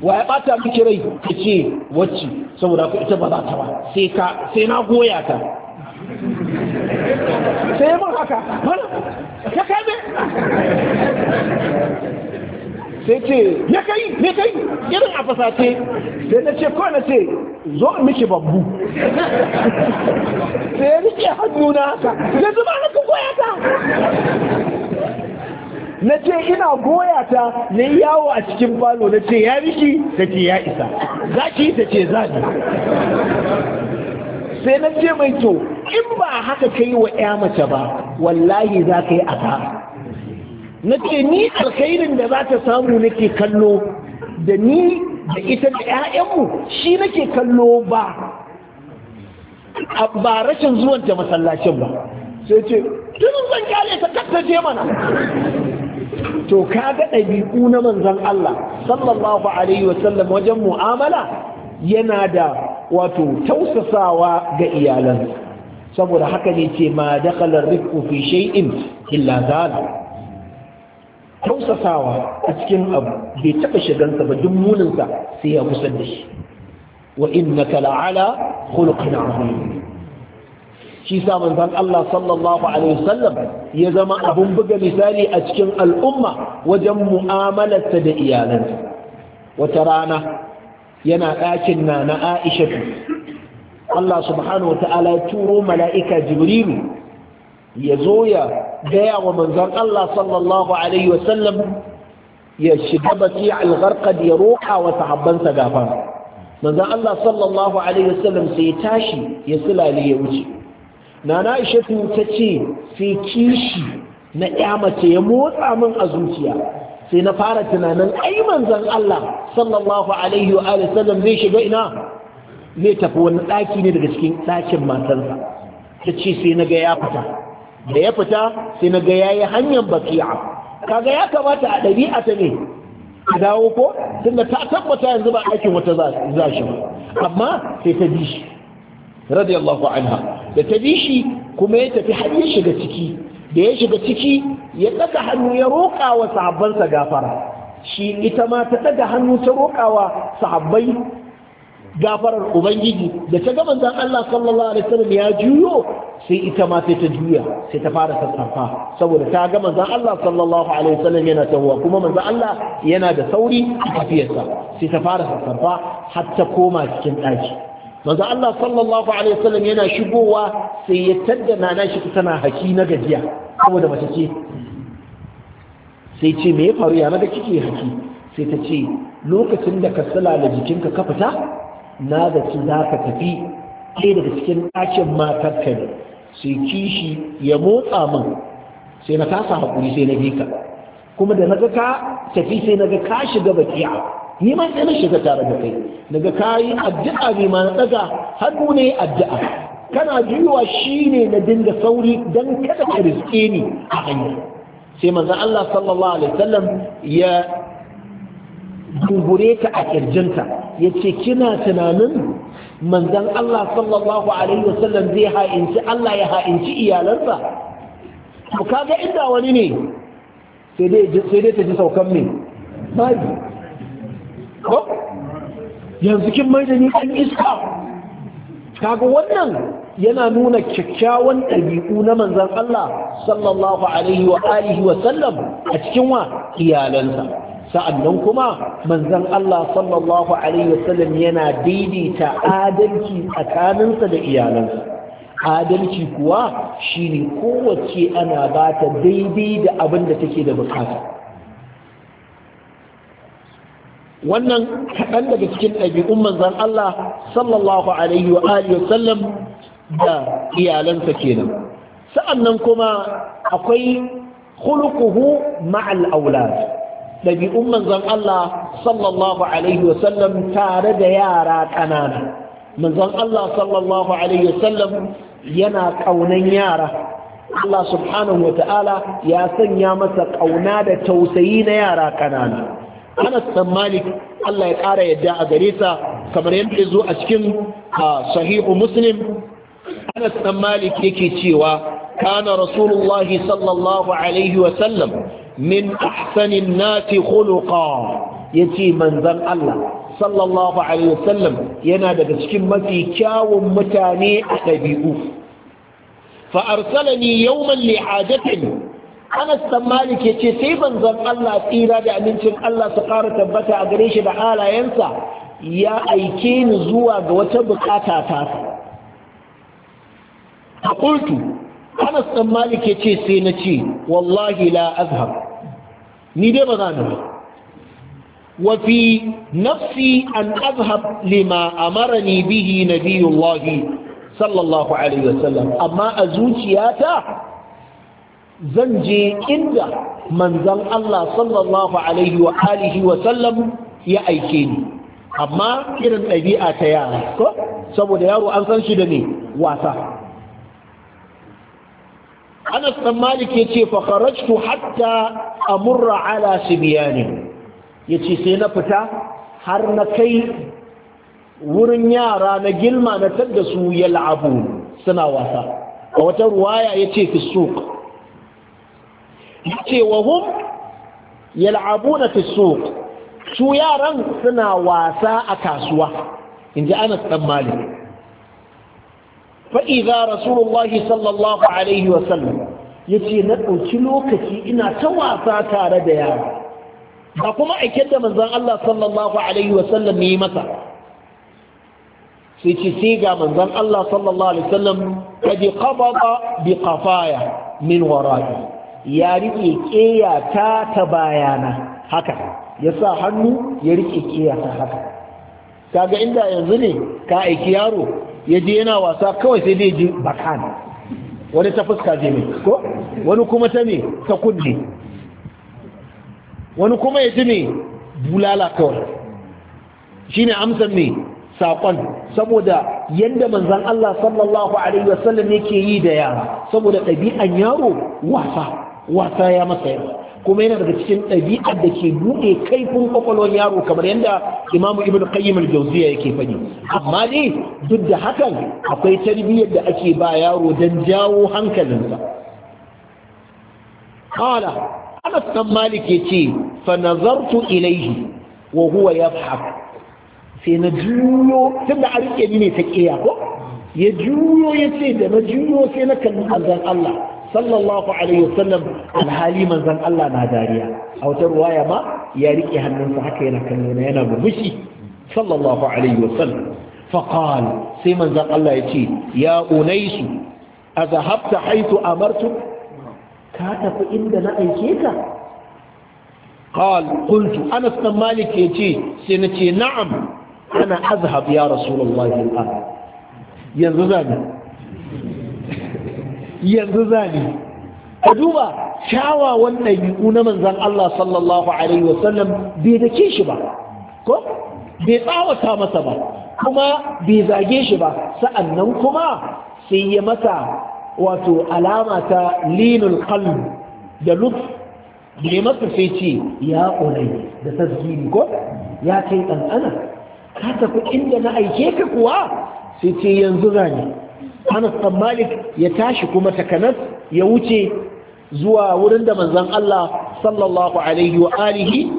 wa ya bata miki rai ta ce wacce saboda ku ita ba za ta ba sai ka sai na goya ta sai mun haka ka kai me sai ce ya kai ya kai irin a fasace sai na ce kawai na ce zo miki babbu sai ya rike na haka ya zuba haka goya ta na ce ina goya ta na yi yawo a cikin falo na ce ya rishi ta ce ya isa za ki ta ce za ki sai na ce mai to in ba haka ka yi wa ya mace ba wallahi za ka yi a ta na ce ni alkhairin da za ta samu nake kallo da ni da ita da 'ya'yanmu shi nake kallo ba ba rashin zuwanta masallacin ba sai ce tunin zan kyale ta kattace mana to kaga ɗabi'u na manzon Allah sallallahu alaihi sallam wajen mu'amala yana da wato tausasawa ga iyalan saboda haka ne ce ma dakhala rifqu fi shay'in illa zala tausasawa a cikin abu bai taɓa shigansa ba duk muninsa sai ya kusa da shi wa innaka la'ala khuluqin azim shi sa manzon Allah sallallahu alaihi wasallam ya zama abun buga misali a cikin al'umma wajen mu'amalarsa da iyalansa wata rana yana ɗakin na na Aisha Allah subhanahu ta'ala ya turo mala'ika Jibrilu ya zo ya gaya wa manzan Allah sallallahu alaihi wasallam ya shiga baki al-gharqad ya roƙa wa sahabbansa gafara manzon Allah sallallahu alaihi wasallam sai ya tashi ya sulale ya wuce nana aishatu ta ce sai kishi na ya mace ya motsa min a zuciya sai na fara tunanin ai manzan Allah sallallahu alaihi wa alihi sallam zai shiga ina zai tafi wani ɗaki ne daga cikin ɗakin matarsa ta ce sai na ga ya fita da ya fita sai na ga yayi hanyar baki'a kaga ya kamata a ɗabi'a ta ne a dawo ko tunda ta tabbata yanzu ba aikin wata za shi amma sai ta bi shi radiyallahu anha da ta bi shi kuma ya tafi har ya shiga ciki da ya shiga ciki ya ɗaga hannu ya roƙa wa sahabbansa gafara shi ita ma ta ɗaga hannu ta roƙa wa sahabbai gafarar ubangiji da ta gaban zan Allah sallallahu alaihi wasallam ya juyo sai ita ma sai ta juya sai ta fara sassafa saboda ta ga zan Allah sallallahu alaihi wasallam yana tawa kuma manzon Allah yana da sauri a tafiyarsa sai ta fara sassafa har ta koma cikin ɗaki manzo Allah sallallahu alaihi wasallam yana shigowa sai ya tadda nana shi tana haki na gajiya saboda mace ce sai ce me ya faru ya naga kike haki sai ta ce lokacin da ka salala jikinka ka fita na da ki za ka tafi Sai daga cikin ɗakin matarka ne sai kishi ya motsa min sai na kasa haƙuri sai na bi ka kuma da na ga ka tafi sai na ga ka shiga baki'a ni ma sai na shiga tare da kai daga kayi addu'a ne ma na daga hannu ne addu'a kana juyuwa shine na dinga sauri don kada ka riske ni a hanya sai manzo Allah sallallahu alaihi wasallam ya dungure ta a kirjinta yace kina tunanin manzon Allah sallallahu alaihi wasallam zai ha'inci Allah ya ha'inci iyalansa to kaga inda wani ne sai dai sai dai ta ji saukan me babu ko yanzu kin mai da ni kan iska kaga wannan yana nuna kyakkyawan ɗabi'u na manzan Allah sallallahu alaihi wa alihi wa sallam a cikin wa iyalansa sa'annan kuma manzan Allah sallallahu alaihi wa sallam yana daidaita adalci tsakaninsa da iyalansa adalci kuwa shine kowace ana ba ta daidai da abin da take da bukata wannan kaɗan daga cikin ɗabi'un manzan Allah sallallahu alaihi wa alihi sallam da iyalansa kenan sa'annan kuma akwai khuluquhu ma'al aulad ɗabi'un manzan Allah sallallahu alaihi wa sallam tare da yara ƙanana manzan Allah sallallahu alaihi wa sallam yana ƙaunan yara Allah subhanahu wa ta'ala ya sanya masa ƙauna da tausayi na yara ƙanana Anas dan Malik Allah ya ƙara yadda a gare sa kamar yadda zo a cikin sahihu Muslim Anas dan Malik yake cewa kana Rasulullahi sallallahu alaihi wa sallam min ahsanin nati khuluqa yace manzon Allah sallallahu alaihi wa sallam yana daga cikin mafi kyawun mutane a ɗabi'u fa arsalani yawman li'adatin Anas dan Malik ya ce sai banzan Allah tsira da amincin Allah su ƙara tabbata a gare shi da halayensa ya aike ni zuwa ga wata bukata ta a kultu Anas dan Malik ya ce sai na ce wallahi la azhab ni dai ba za ni wa fi nafsi an azhab lima amarani bihi nabiyullahi sallallahu alaihi wasallam amma a zuciyata zan je inda manzan Allah sallallahu alaihi wa alihi wa sallam ya aike ni amma irin ɗabi'a ta yara ko saboda yaro an san shi da ne wasa Anas dan Malik yace fa kharajtu hatta amurra ala sibyani yace sai na fita har na kai wurin yara na gilma na tadda su yal'abu suna wasa a wata ruwaya yace fi suq yace wa hum yal'abuna fi suq su yaran suna wasa a kasuwa inji Anas dan Malik fa idza Rasulullah sallallahu alaihi wa sallam yace na dauki lokaci ina ta wasa tare da yara ba kuma aikin da manzon Allah sallallahu alaihi wa sallam ne masa sai ce sai ga manzon Allah sallallahu alaihi wa sallam kaji qabada bi qafaya min wara'i ya riƙe ƙeya ta ta bayana haka ya sa hannu ya riƙe ƙeya ta haka kaga inda yanzu ne ka aiki yaro ya je yana wasa kawai sai dai ji bakan wani ta fuska je ne ko wani kuma ta ne ta kunne wani kuma ya ji ne bulala kawai ne amsan ne saƙon saboda yadda manzan Allah sallallahu Alaihi wasallam yake yi da yara saboda ɗabi'an yaro wasa wasa ya masa yawa kuma yana daga cikin ɗabi'ar da ke buɗe kaifin ƙwaƙwalwan yaro kamar yadda imamu ibn qayyim al-jawziya yake faɗi amma dai duk da hakan akwai tarbiyyar da ake ba yaro dan jawo hankalinsa qala anas dan malik yace fa nazartu ilayhi wa huwa yadhhak sai na juyo tunda a rike ni ne ta ko ya juyo yace da na juyo sai na kalli azan Allah sallallahu alaihi wasallam alhali manzon Allah na dariya a wata ruwaya ma ya rike hannunsa haka yana kallo na yana murmushi sallallahu alaihi wasallam faqal sai manzon Allah ya ce ya unaisu azahabta haitu amartu ka tafi inda na aike ka qal qultu anas bin malik ce sai na ce na'am ana azhab ya rasulullahi al yanzu zan yanzu zani ka duba kyawawan ɗabi'u na manzan Allah sallallahu alaihi wasallam bai da shi ba ko bai tsawata masa ba kuma bai zage shi ba sa'annan kuma sai ya masa wato alama ta linul qalb da lutf ne masa sai ce ya ƙunai da tasgiri ko ya kai ɗan'ana ka tafi inda na aike ka kuwa sai ce yanzu zani Anas ɗan Malik ya tashi kuma takanas ya wuce zuwa wurin da manzan Allah sallallahu alaihi wa alihi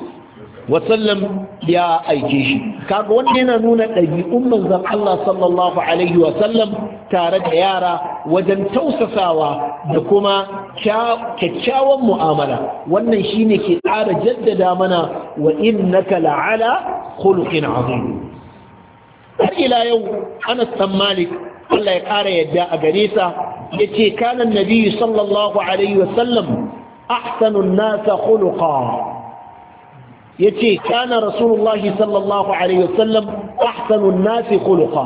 wa sallam ya aike shi kaga wanda yana nuna ɗabi'un manzan Allah sallallahu alaihi wa sallam tare da yara wajen tausasawa da kuma kyakkyawan mu'amala wannan shine ke ƙara jaddada mana wa innaka la'ala khuluqin azim har ila yau Anas ɗan Malik Allah ya ƙara yadda a gare sa yace kana annabi sallallahu alaihi wasallam ahsanun nas khuluqa yace kana rasulullahi sallallahu alaihi wasallam ahsanun nas khuluqa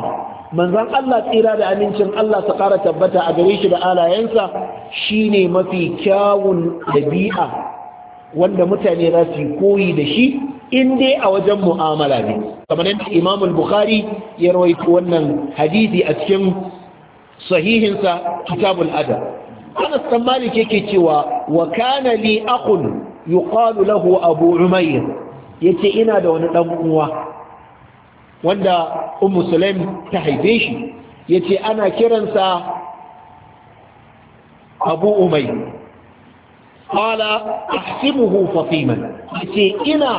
manzan Allah tsira da amincin Allah ta ƙara tabbata a gare shi da alayensa shine mafi kyawun ɗabi'a wanda mutane za su koyi da shi in dai a wajen mu'amala ne kamar yadda Imam al-Bukhari ya rawaito wannan hadisi a cikin sahihinsa Kitabul Adab Anas san Malik yake cewa wa kana li akhun yuqalu lahu Abu Umayr yace ina da wani dan uwa wanda Ummu Sulaim ta haife shi yace ana kiransa Abu Umayr qala ahsibuhu fatiman yace ina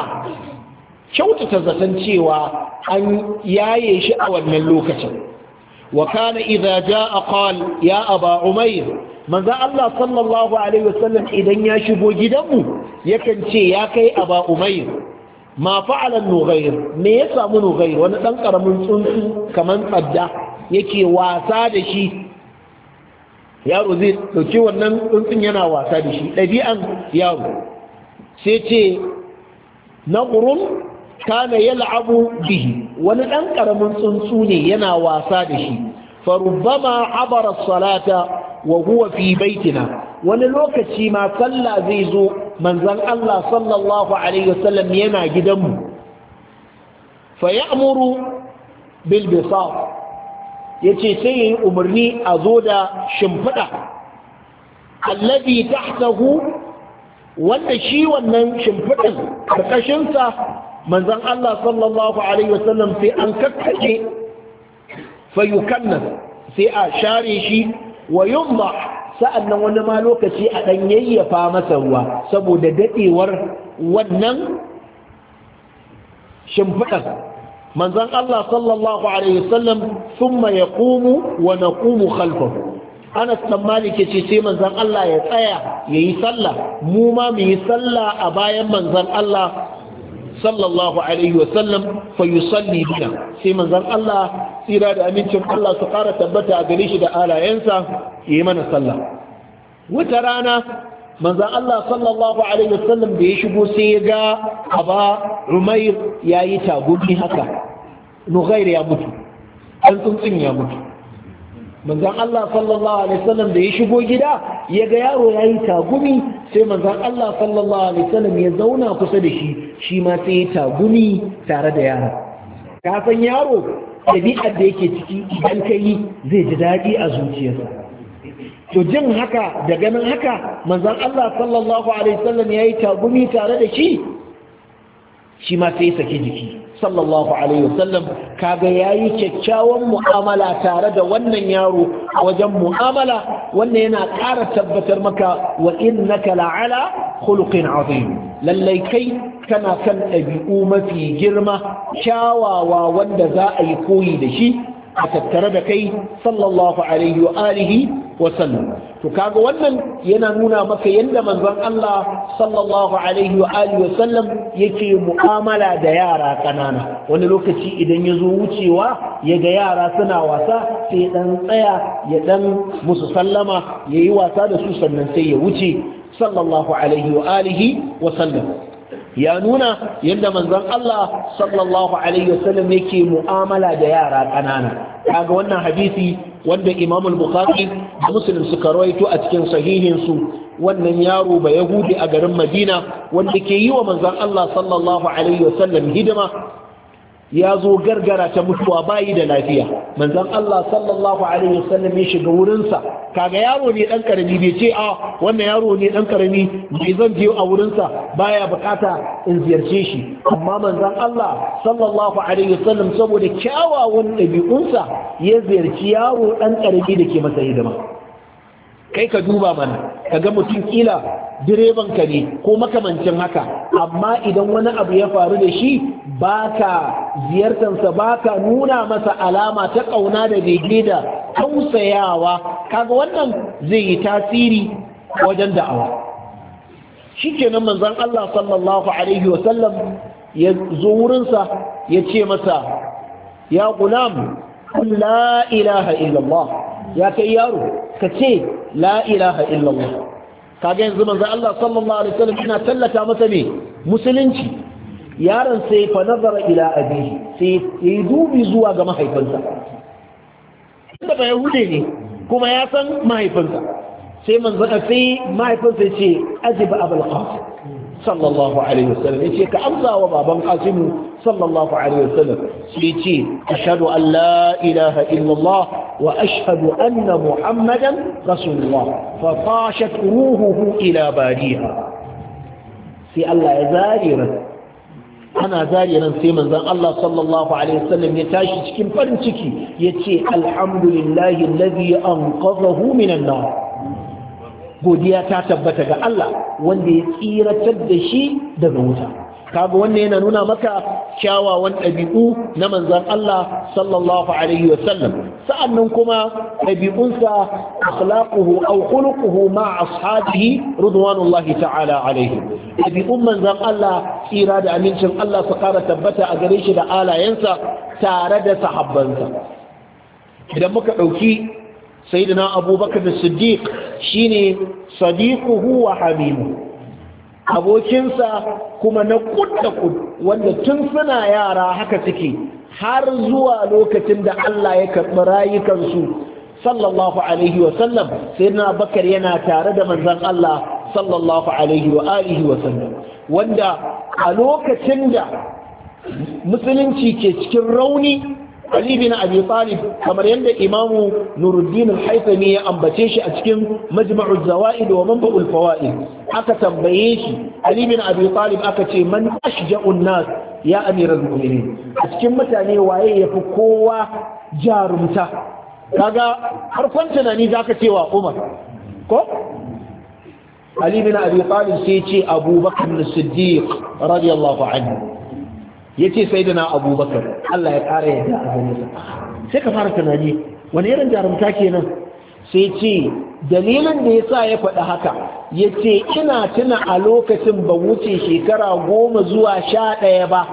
kyautata zaton cewa an yaye shi a wannan lokacin Wakana kana idza jaa qal ya aba umayr manzo Allah sallallahu alaihi wasallam idan ya shigo gidanmu yakan ce ya kai aba umair ma fa'ala nughair me ya samu nughair wani ɗan ƙaramin tsuntsu kamar tsadda yake wasa da shi yaro zai dauki wannan tsuntsun yana wasa da shi ɗabi'an yaro sai ce na ƙurun kana yal'abu bihi wani ɗan ƙaramin tsuntsu ne yana wasa da shi farubama abara salata wa huwa fi baitina wani lokaci ma sallah zai zo manzon Allah sallallahu alaihi wasallam yana gidanmu fa ya'muru bil bisat ya ce sai ya yi umarni a zo da shimfiɗa ta tahtahu wanda shi wannan shimfiɗin ƙarƙashinsa manzan Allah sallallahu Alaihi wasallam sai an fayyukan fayukannan sai a share shi wa yumma sa'annan wani ma lokaci a ɗan yayyafa masa ruwa saboda daɗewar wannan shimfiɗar Manzan Allah sallallahu alaihi wasallam thumma kumu, wa kumu khalfahu Ana dan ke ce sai manzan Allah ya tsaya yayi sallah mu ma mu yi sallah a bayan manzan Allah sallallahu alaihi wasallam fa yusalli bina sai manzan Allah tsira da amincin Allah su ƙara tabbata a gare shi da alayensa yi mana sallah wata rana manzan Allah sallallahu alaihi wasallam da ya shigo sai ya ga aba umair ya yi tagumi haka nughair ya mutu ɗan tsuntsun ya mutu manzan Allah sallallahu alaihi wasallam da ya shigo gida ya ga yaro ya yi tagumi sai manzan Allah sallallahu alaihi wasallam ya zauna kusa da shi shi ma sai ya tagumi tare da yara. ka san yaro ɗabi'ar da yake ciki idan ka yi zai ji daɗi a zuciyarsa to jin haka da ganin haka manzon Allah sallallahu alaihi wasallam yayi tagumi tare da shi shi ma sai saki jiki sallallahu alaihi wasallam kaga yayi kyakkyawan mu'amala tare da wannan yaro a wajen mu'amala wannan yana ƙara tabbatar maka wa innaka la'ala khuluqin azim lallai kai kana kan ɗabi'u mafi girma kyawawa wanda za a yi koyi da shi a tattare da kai sallallahu alaihi wa alihi wa sallam to kaga wannan yana nuna maka yadda manzon Allah sallallahu alaihi wa alihi wa sallam yake mu'amala da yara kanana wani lokaci idan ya zo wucewa ya ga yara suna wasa sai dan tsaya ya dan musu sallama yayi wasa da su sannan sai ya wuce sallallahu alaihi wa alihi wa sallam ya nuna yadda manzon Allah sallallahu alaihi wasallam yake mu'amala da yara kanana kaga wannan hadisi wanda Imam al-Bukhari da Muslim suka rawaito a cikin sahihin su wannan yaro ba Yahudi a garin Madina wanda ke yi wa manzon Allah sallallahu alaihi wasallam hidima ya zo gargara ta mutuwa bayi da lafiya manzon Allah sallallahu alaihi wasallam ya shiga wurinsa kaga yaro ne dan karami bai ce a ah, wannan yaro ne dan karami bai zan je a wurinsa baya bukata in ziyarce shi amma manzon Allah sallallahu alaihi wasallam saboda kyawawan dabi'unsa ya ziyarci yaro dan karami da ke masa hidima kai ka duba mana ka ga mutum ƙila direban ka ne ko makamancin haka amma idan wani abu ya faru da shi ba ka ziyartarsa ba ka nuna masa alama ta ƙauna da bege da tausayawa kaga wannan zai yi tasiri wajen da'awa shi kenan manzon Allah sallallahu alaihi wasallam ya zo wurinsa ya ce masa ya gulam kun la ilaha illallah ya kai yaro ka ce la ilaha illallah Ka ga yanzu manzo Allah sallallahu alaihi wasallam yana tallata masa ne musulunci yaron sai fa nazara ila abihi sai yi dubi zuwa ga mahaifinsa inda ba yahude ne kuma ya san mahaifinsa sai manzo sai mahaifinsa ce ajiba abul qasim sallallahu alaihi wasallam yace ka amsa wa baban kasimu sallallahu alaihi wasallam sai ce ashhadu an la ilaha illallah wa ashhadu anna muhammadan rasulullah fa fashat ruhuhu ila bariha sai Allah ya zare ana zare ran sai manzon Allah sallallahu alaihi wasallam ya tashi cikin farin ciki yace alhamdulillahi alladhi anqadhahu minan nar godiya ta tabbata ga Allah wanda ya tsiratar da shi daga wuta kaga wannan yana nuna maka kyawawan ɗabi'u na manzan Allah sallallahu alaihi wasallam sa'annan kuma ɗabi'unsa akhlaquhu aw khuluquhu ma ashabihi ridwanullahi ta'ala alaihi ɗabi'un manzan Allah tsira da amincin Allah su ƙara tabbata a gare shi da alayensa tare da sahabbansa idan muka ɗauki Saidina abubakar siddiq shine sadiquhu Huwa habibu abokinsa kuma na kudda kud wanda tun suna yara haka suke har zuwa lokacin da Allah ya karɓi rayukansu sallallahu alaihi wa sallam sayyidina bakar yana tare da manzon Allah sallallahu alaihi wa alihi wa sallam wanda a lokacin da musulunci ke cikin rauni Ali bin Abi Talib kamar yadda Imamu Nuruddin Al-Haythami ya ambace shi a cikin Majma'u Zawaid wa Manba'ul Fawaid aka tambaye shi Ali bin Abi Talib aka ce man ashja'un nas ya amiral mu'minin a cikin mutane waye yafi kowa jarumta kaga farkon tunani zaka ce wa Umar ko Ali bin Abi Talib sai ce abubakar na As-Siddiq radiyallahu anhu ya ce sai da na abubakar Allah ya ƙara yadda a gare sai ka fara tunani wani irin jarumta kenan sai ce dalilin da ya sa ya faɗi haka ya ce ina tuna a lokacin ba wuce shekara goma zuwa sha ɗaya ba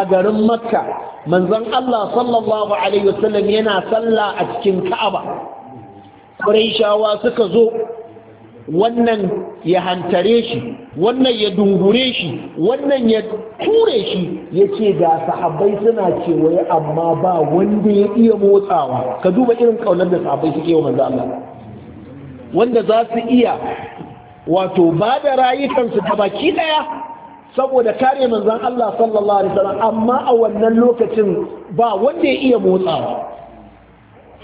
a garin makka manzon Allah sallallahu alaihi wasallam yana sallah a cikin ka'aba ƙurayshawa suka zo wannan ya hantare shi wannan ya dungure shi wannan ya ture shi ya ce ga sahabbai suna kewaye amma ba wanda ya iya motsawa ka duba irin kaunar da sahabbai suke yi manzo Allah wanda za su iya wato ba da rayukansu ta baki daya saboda kare manzon Allah sallallahu alaihi wasallam amma a wannan lokacin ba wanda ya iya motsawa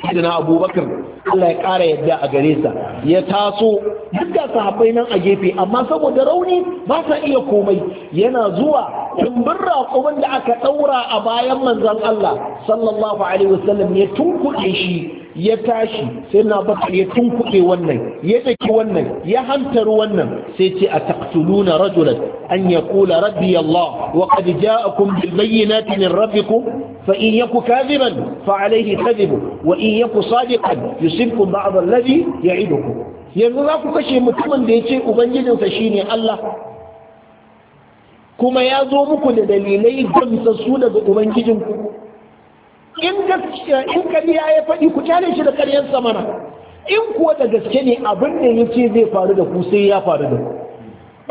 sayyidina abubakar Allah ya ƙara yadda a gare sa ya taso duk da sahabbai nan a gefe amma saboda rauni ba sa iya komai yana zuwa tumbin raƙumin da aka ɗaura a bayan manzon Allah sallallahu alaihi wasallam ya tunkuɗe shi ya tashi sai na bakar ya tunkuɗe wannan ya daki wannan ya hantar wannan sai ce a taktuluna rajulat an kula rabbi Allah wa qad ja'akum bil bayyinati min rabbikum fa in yaku kadhiban fa alayhi kadhibu wa in yaku sadiqan yusibkum ba'd alladhi ya'idukum yanzu za ku kashe mutumin da ya ce ubangijinsa shine Allah kuma ya zo muku da dalilai gamsassu daga ubangijinku in gaskiya in kariya ya faɗi ku tare shi da ƙaryarsa mana in kuwa da gaske ne abin da ya ce zai faru da ku sai ya faru da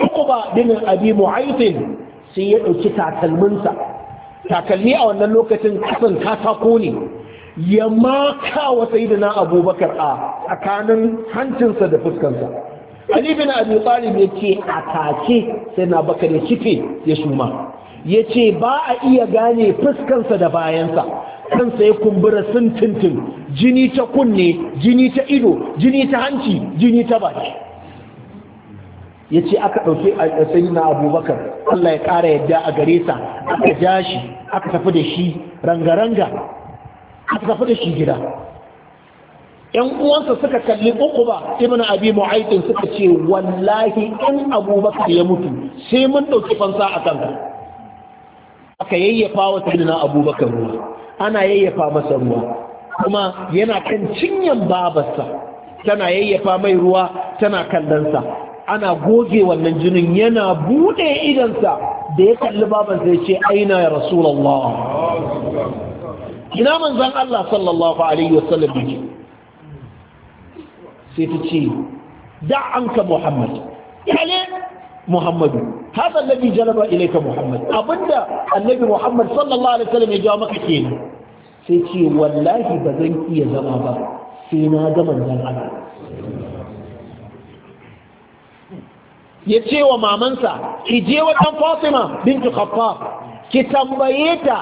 ku ku ba dinin abi mu'aitin sai ya ɗauki takalminsa takalmi a wannan lokacin kasan katako ne ya maka wa sayyidina abubakar a tsakanin hancinsa da fuskansa ali bin abi talib ya ce a take sai na bakar ya kife ya shuma ya ce ba a iya gane fuskansa da bayansa kansa ya kumbura sun tintin jini ta kunne jini ta ido jini ta hanci jini ta baki ya ce aka ɗauke a sanyi na abubakar allah ya ƙara yadda a gare sa aka ja shi aka tafi da shi rangaranga aka tafi da shi gida ‘yan uwansa suka kalli uku ba ibn abi mu'aitin suka ce wallahi in abubakar ya mutu sai mun ɗauki fansa a kanka aka yayyafa wa sayyidina abubakar ruwa ana yayyafa masa ruwa kuma yana kan cinyan babarsa tana yayyafa mai ruwa tana kallonsa ana goge wannan jinin yana buɗe idansa da ya kalli babansa ya ce aina ya rasulallah ina manzan Allah sallallahu alaihi wasallam yake sai ta ce da'anka muhammad muhammadu hadha alladhi jalaba ilayka muhammad abinda annabi muhammad sallallahu alaihi wasallam ya jawo maka kenan sai ce wallahi ba zan iya zama ba sai na ga manzon ya cewa mamansa ki je wajen Fatima Binta Khaffaf ki tambaye ta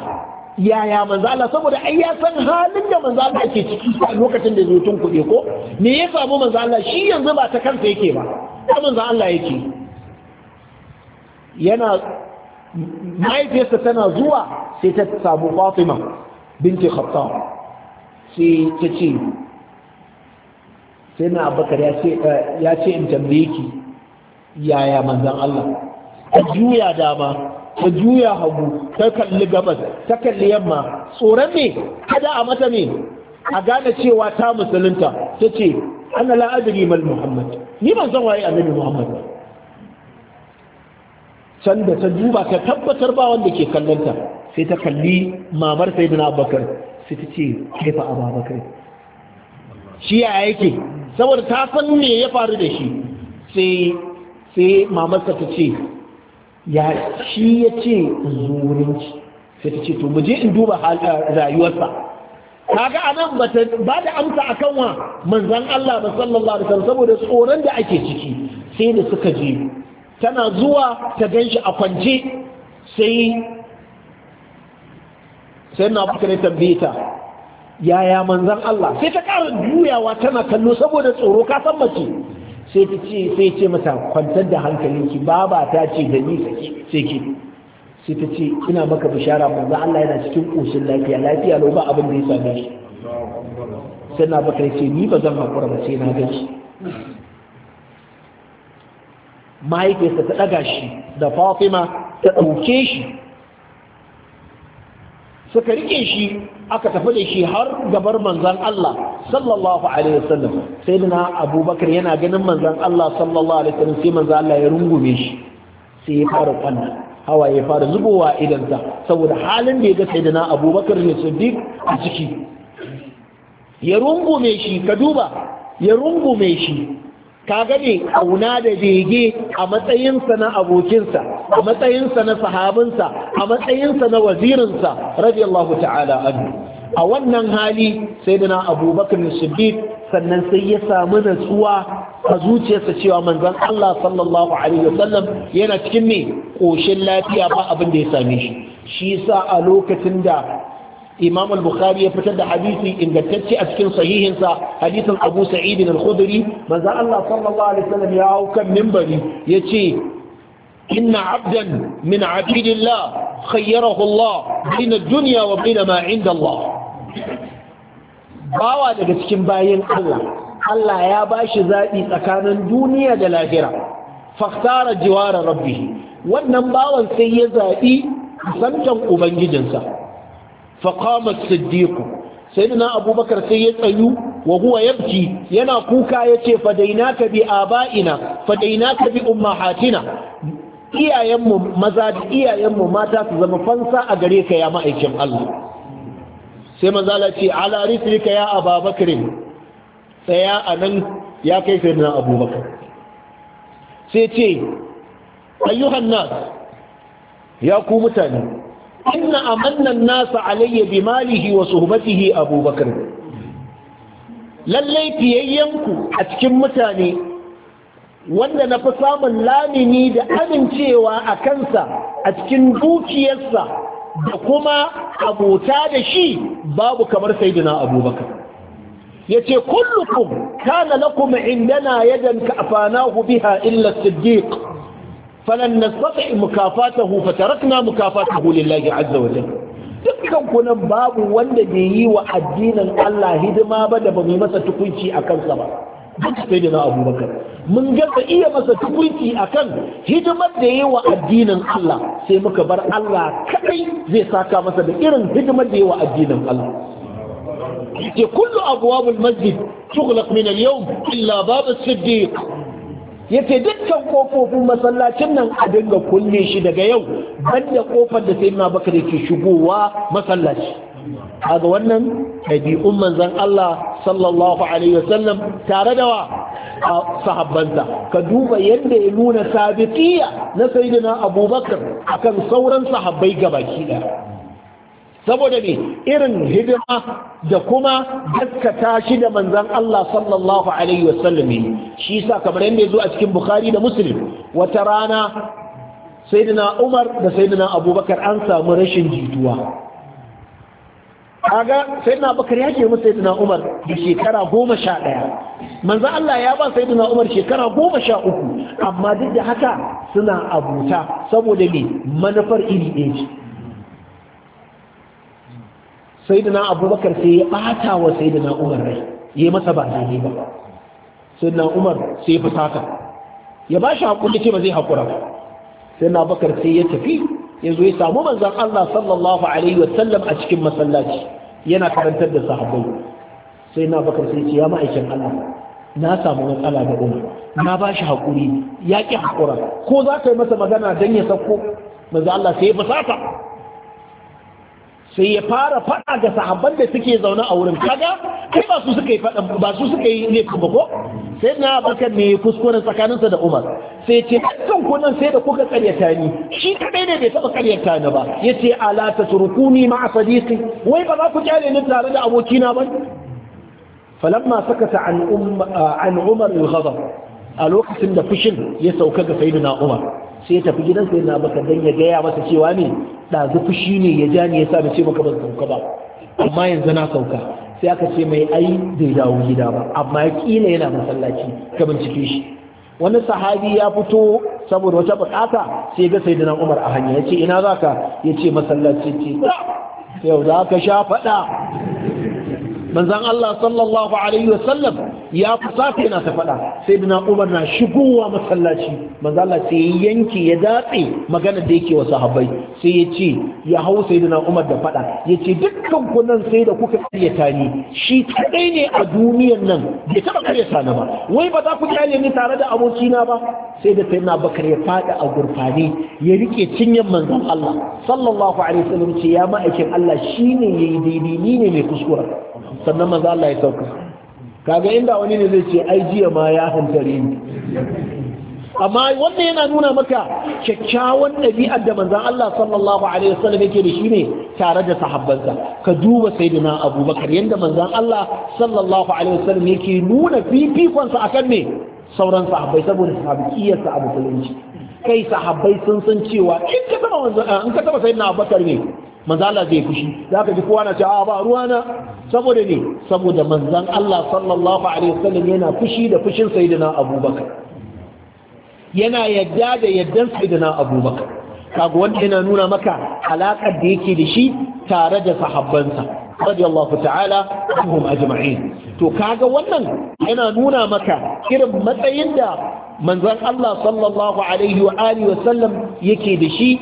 yaya manzo saboda ai ya san halin da manzo Allah ke ciki a lokacin da zai tun kuɗe ko me ya samu manzo shi yanzu ba ta kansa yake ba ta manzo Allah yake yana mahaifiyarsa tana zuwa sai ta samu fatima binti khattab sai ta ce sai na abakar eh, ya ce in tambaye ki yaya manzan Allah ta juya dama ta juya hagu ta kalli gabas ta kalli yamma tsoron ne kada a mata ne a gane cewa ta musulunta ta ce ana la'adari mal muhammad ni ban san waye annabi muhammad sanda ta duba ta tabbatar ba wanda ke kallonta sai ta kalli mamar sai duna abubakar sai ta ce haifa kai. shi ya yake saboda ta san me ya faru da shi sai sai mamarsa ta ce ya shi ya ce zurinci sai ta ce to mu je in duba rayuwarsa kaga anan bata ba da amsa akan wa manzon Allah ba sallallahu alaihi wasallam saboda tsoron da ake ciki sai da suka je tana zuwa ta ganshi a kwance sai sai na bukari tambaye ta yaya manzan Allah sai ta ƙara juyawa tana kallo saboda tsoro ka san mace sai ta ce sai ce mata kwantar da hankalinki baba ta ce da ni sai ki sai ta ce ina maka bishara manzan Allah yana cikin ƙoshin lafiya lafiya lau ba abin da ya same shi sai na bukari ce ni ba zan haƙura ba sai na gaji. mahaifiyarsa ta ɗaga shi da fatima ta ɗauke shi suka rike shi aka tafi da shi har gabar manzan Allah sallallahu alaihi wasallam sai na abubakar yana ganin manzan Allah sallallahu alaihi wasallam sai manzan Allah ya rungume shi sai ya fara kwanna hawa ya fara zubowa idansa saboda halin da ya ga na abubakar ne siddiq a ciki ya rungume shi ka duba ya rungume shi kaga ne auna da bege a matsayinsa na abokinsa a matsayinsa na sahabinsa a matsayinsa na wazirinsa radiyallahu ta'ala anhu a wannan hali sai dana abubakar siddiq sannan sai ya samu natsuwa a zuciyarsa cewa manzon Allah sallallahu alaihi wasallam yana cikin ne koshin lafiya ba abin da ya same shi shi yasa a lokacin da imam al-bukhari ya fitar da hadisi ingantacce a cikin sahihinsa hadisin abu sa'id al-khudri manzo Allah sallallahu wasallam ya hau kan minbari yace inna abdan min abidillah khayyarahu Allah bain ad-dunya wa bain ma 'inda Allah bawa daga cikin bayan Allah Allah ya bashi zabi tsakanin duniya da lahira fakhtara jiwara rabbi wannan bawan sai ya zabi kusantan ubangijinsa فقام الصديق سيدنا أبو بكر سيد أيو وهو يبكي ينا bi aba'ina فديناك بآبائنا فديناك بأمهاتنا iyayenmu maza da iyayenmu mata su zama fansa a gare ka ya ma'aikin Allah sai la ce ala rifrika ya ababakar tsaya a nan ya kai sai na abubakar sai ce ayyuhan nas ya ku mutane inna amannan nasa alayya bi malihi wa suhbatihi abubakar lallai fiyayyenku a cikin mutane wanda na fi samun lamini da amincewa a kansa a cikin dukiyarsa da kuma abota da shi babu kamar saiduna abubakar ya ce kullukum kana lakum indana yadan afanaku biha illa siddiq falan nastati mukafatahu fatarakna mukafatahu lillahi azza wa jalla dukkan kunan babu wanda bai yi wa addinin Allah hidima ba da ba mu masa tukunci a kansa ba duk sai da Abubakar mun gasa iya masa tukunci akan hidimar da yi wa addinin Allah sai muka bar Allah kadai zai saka masa da irin hidimar da yi wa addinin Allah ya kullu abwabul masjid tughlaq min al-yawm illa bab as-siddiq ya ce dukkan kofofin masallacin nan a dinga kulle shi daga yau banda kofar da sai na baka da ke shigowa masallaci kaga wannan ɗabi'un manzon Allah sallallahu alaihi wasallam tare da wa sahabbansa ka duba yadda ya nuna sabitiya na sayyidina abubakar akan sauran sahabbai gabaki ɗaya saboda ne irin hidima da kuma gaskata shi da manzan Allah sallallahu alaihi wasallam shi yasa kamar yadda ya zo a cikin Bukhari da Muslim wata rana sayyidina Umar da sayyidina Abubakar an samu rashin jituwa kaga sayyidina Abubakar ya girma sayyidina Umar da shekara goma sha ɗaya manzan Allah ya ba sayyidina Umar shekara goma sha uku amma duk da haka suna abuta saboda ne manufar iri ɗaya Sai da na abubakar sai ya bata wa na umar rai ya masa ba daidai ba Sai na umar sai ya fusata ya ba shi hakuri ce ba zai haƙura. ba na abubakar sai ya tafi ya zo ya samu manzon Allah sallallahu alaihi wasallam a cikin masallaci yana karantar da sahabbai na abubakar sai ya ce ya ma'aikin Allah na samu matsala da umar na ba shi haƙuri, ya ƙi haƙura. ko za ka yi masa magana don ya sako manzon Allah sai ya fusata sai ya fara faɗa ga sahabban da suke zaune a wurin kaga kai ba su suka yi faɗa ba su suka yi ne kuma ko sai na bakar ne kuskuren tsakaninsa da Umar sai ce kan kunan sai da kuka karyata ni shi kadai ne bai taba karyata ni ba yace ala tatrukuni ma sadiqi wai ba za ku kyale ni tare da abokina ba falamma sakata an umma an Umar al-ghadab a lokacin da fushin ya sauka ga sayyidina Umar sai ya tafi gidan sai na maka dan ya gaya masa cewa ne ɗazu fushi ne ya ja ne ya sa da ce maka ba sauka ba amma yanzu na sauka sai aka ce mai ai bai dawo gida ba amma ya kila yana masallaci ka bincike shi wani sahabi ya fito saboda wata bukata sai ya ga sayyidina Umar a hanya ya ce ina zaka yace masallaci ce yau za ka sha faɗa? manzan Allah sallallahu alaihi wasallam ya safe yana ta faɗa sai da umar na shigowa masallaci manzan Allah sai ya yanke ya datse magana da yake wa habai sai ya ce ya hau sai dina umar da faɗa ya ce dukkan ku nan sai da kuka karyata ni shi kaɗai ne a duniyan nan bai taɓa karyata ni ba wai ba za ku kyale ni tare da abokina ba sai da sai na bakar ya faɗi a gurfani ya rike cinyan manzan Allah sallallahu alaihi wasallam ce ya ma'aikin Allah shine yayi daidai ni ne mai kuskura sannan maza Allah ya sauka kaga inda wani ne zai ce ai jiya ma ya hantari ni amma wannan yana nuna maka kyakkyawan ɗabi'ar da manzan Allah sallallahu alaihi wasallam yake da shi ne tare da sahabbansa ka duba sayyidina Abubakar yadda manzan Allah sallallahu alaihi wasallam yake nuna fifikonsa akan ne sauran sahabbai saboda sahabbiyarsa a musulunci kai sahabbai sun san cewa in ka taba in ka taba sayyidina Abubakar ne manzo Allah zai fushi Za ka ji kowa na ce a ah, ba ruwa na saboda ne saboda manzan Allah sallallahu alaihi wasallam yana fushi da fushin sayyidina Abubakar yana yadda da yaddan sayyidina Abubakar kaga wanda yana nuna maka alaƙar da yake da shi tare da sahabbansa radiyallahu ta'ala anhum ajma'in to kaga wannan yana nuna maka irin matsayin da manzan Allah sallallahu alaihi wa alihi wasallam yake da shi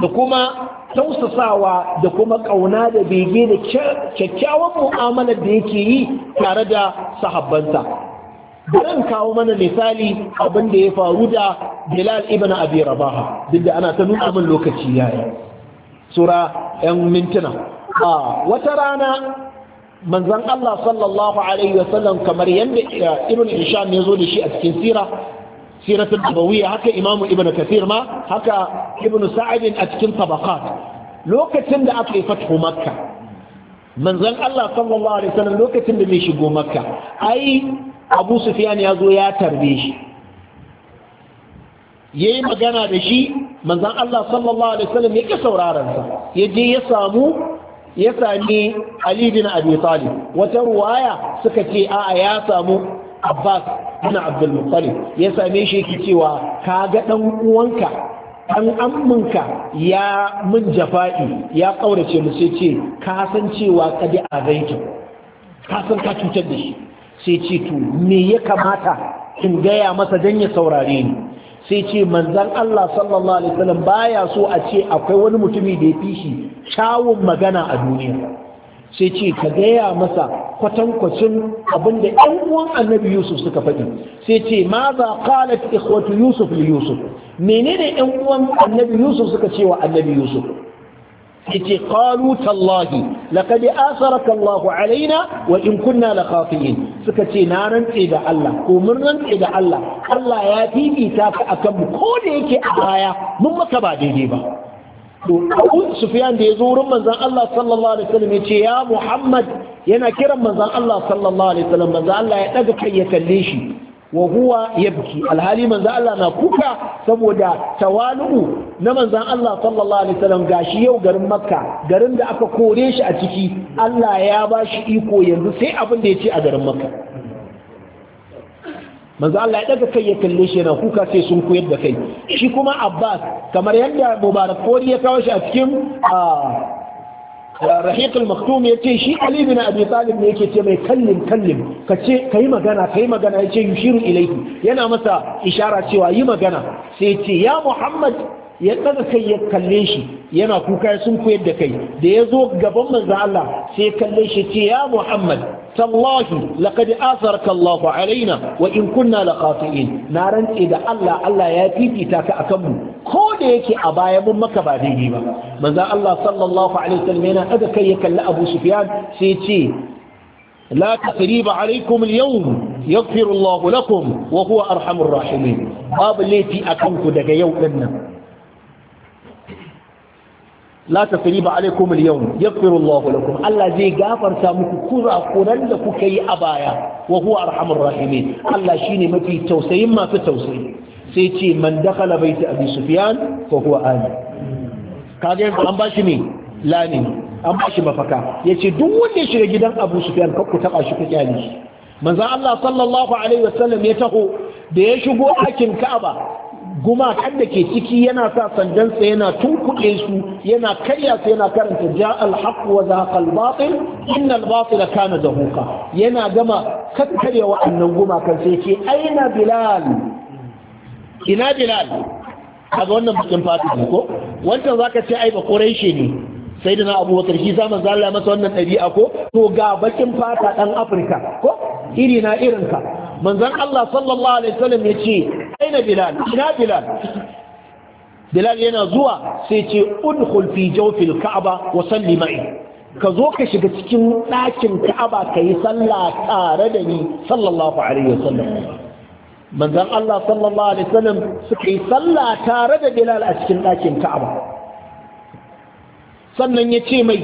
da kuma tausasawa da kuma ƙauna da bege da kyakkyawan mu'amalar da yake yi tare da sahabbansa bari kawo mana misali abin da ya faru da bilal ibn abi rabaha duk da ana ta nuna min lokaci yayi sura yan mintuna a wata rana manzon Allah sallallahu alaihi wasallam kamar yadda eh, ibn Hisham ya zo da shi a cikin sira siratul nabawiyya haka imamu ibn kathir ma haka ibn sa'id a cikin tabaqat lokacin da aka yi fathu makka manzon Allah sallallahu alaihi wasallam lokacin da mai shigo makka ai abu sufyan ya zo ya tarbe shi yayi magana da shi manzon Allah sallallahu alaihi wasallam yake sauraron sa yaje ya samu ya sami Ali bin Abi Talib wata ruwaya suka ce a'a ya samu abbas ana abdulmuttalib ya same shi yake cewa ka ga ɗan uwanka amminka ya mun jafa'i ya ƙaurace mu sai ce ka san cewa kadi a zaita ka san ka cutar da shi sai ce to me ya kamata in gaya masa dan ya saurare ni sai ce manzan Allah sallallahu alaihi wasallam baya so a ce akwai wani mutumi da ya fi shi magana a duniya sai ce ka gaya masa kwatankwacin abin da ‘yan uwan annabi Yusuf suka faɗi sai ce ma za qalat ikhwatu Yusuf li Yusuf menene ‘yan uwan annabi Yusuf suka ce wa annabi Yusuf sai ce qalu tallahi laqad asaraka Allahu alaina wa in kunna lakhafiyin suka ce na rantse da Allah ko mun rantse da Allah Allah ya fifita ka akan mu ko da yake a baya mun maka ba daidai ba Abu Sufyan da ya zo wurin manzan Allah sallallahu alaihi wasallam ya ce ya Muhammad yana kiran manzon Allah sallallahu alaihi wasallam Allah ya daga kai ya kalle shi wa huwa yabki alhali manzan Allah na kuka saboda tawalu na manzan Allah sallallahu alaihi wasallam gashi yau garin Makka garin da aka kore shi a ciki Allah ya ba shi iko yanzu sai abin da ya ce a garin Makka manzo Allah ya daga kai ya kalle shi yana kuka sai sun koyar da kai shi kuma Abbas kamar yadda Mubarak Fori ya kawo shi a cikin Rahiq al-Maktum ya ce shi Ali bin Abi Talib ne yake ce mai kallin kallin ka kai magana kai magana ya ce yushiru ilaihi yana masa ishara cewa yi magana sai ce ya Muhammad ya daga kai ya kalle shi yana kuka sun koyar da kai da ya zo gaban manzo Allah sai ya kalle shi ce ya Muhammad tallahi laqad asarka Allahu alaina wa in kunna laqati'in na rantse da Allah Allah ya fifita ka akan mu ko da yake a baya mun maka ba daidai ba manzo Allah sallallahu alaihi wasallam yana daga kai ya kalli Abu Sufyan sai ce لا تقريب عليكم اليوم يغفر الله لكم وهو أرحم الراحمين باب ليتي أكنك دقا يوم la tasriba alaikum al-yawm yaghfiru Allahu lakum Allah zai gafarta muku kura kurakuran da kuka yi a baya wa huwa arhamur rahimin Allah shine mafi tausayin masu tausayi sai ce man dakhala baiti abi sufyan fa huwa amin kaga yanzu an bashi me lani an bashi mafaka yace duk wanda shiga gidan abu sufyan kakku taba shi ku kyale shi manzon Allah sallallahu alaihi wasallam ya taho da ya shigo akin Ka'aba gumakan da ke ciki yana sa sandansa yana tunkuɗe su yana karya su yana karanta ja alhaq wa zaqa albatil inna albatila kana huka, yana gama kakkarya wa'annan gumakan sai ce aina bilal ina bilal kaga wannan bikin fatu ko wancan za zaka ce ai ba shi ne sai da na abubakar za mu zala masa wannan ɗabi'a ko to ga bakin fata ɗan afirka ko iri na irinka manzon allah sallallahu alaihi wasallam ya ce aina bilal ina bilal bilal yana zuwa sai ce udkhul fi jawfil ka'aba wa salli ma'i ka zo ka shiga cikin ɗakin ka'aba ka yi sallah tare da ni sallallahu alaihi wa sallam manzon Allah sallallahu alaihi wasallam suka yi sallah tare da Bilal a cikin ɗakin ka'aba sannan ya ce mai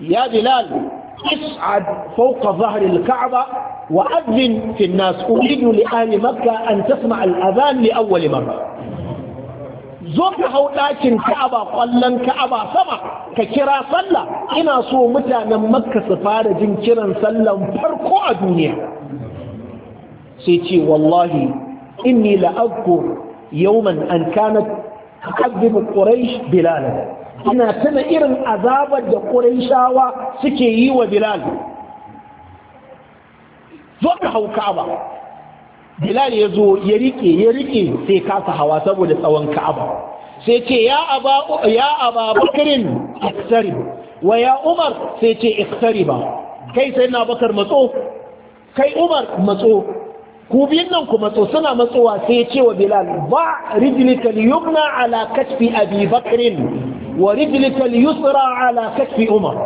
ya Bilal اصعد فوق ظهر الكعبة وأذن في الناس أريد لأهل مكة أن تسمع الأذان لأول مرة زوك لكن كعبة قلا كعبة سمع ككرا صلى إنا سو من مكة سفارة جنكرا صلى فرقوا الدنيا سيتي والله إني لأذكر يوما أن كانت تقدم قريش بلالا ina tana irin azabar da ƙurayshawa suke yi wa bilal zo ka hau ka'aba bilal ya zo ya rike ya rike sai kasa hawa saboda tsawon ka'aba sai ce ya aba ya aba bakrin iktari wa ya umar sai ce iktari ba kai sai na bakar matso kai umar matso ku biyun nan kuma to suna matsowa sai ya ce wa bilal ba rijlika yumna ala katfi abi bakrin wa rijlika yusra ala katfi umar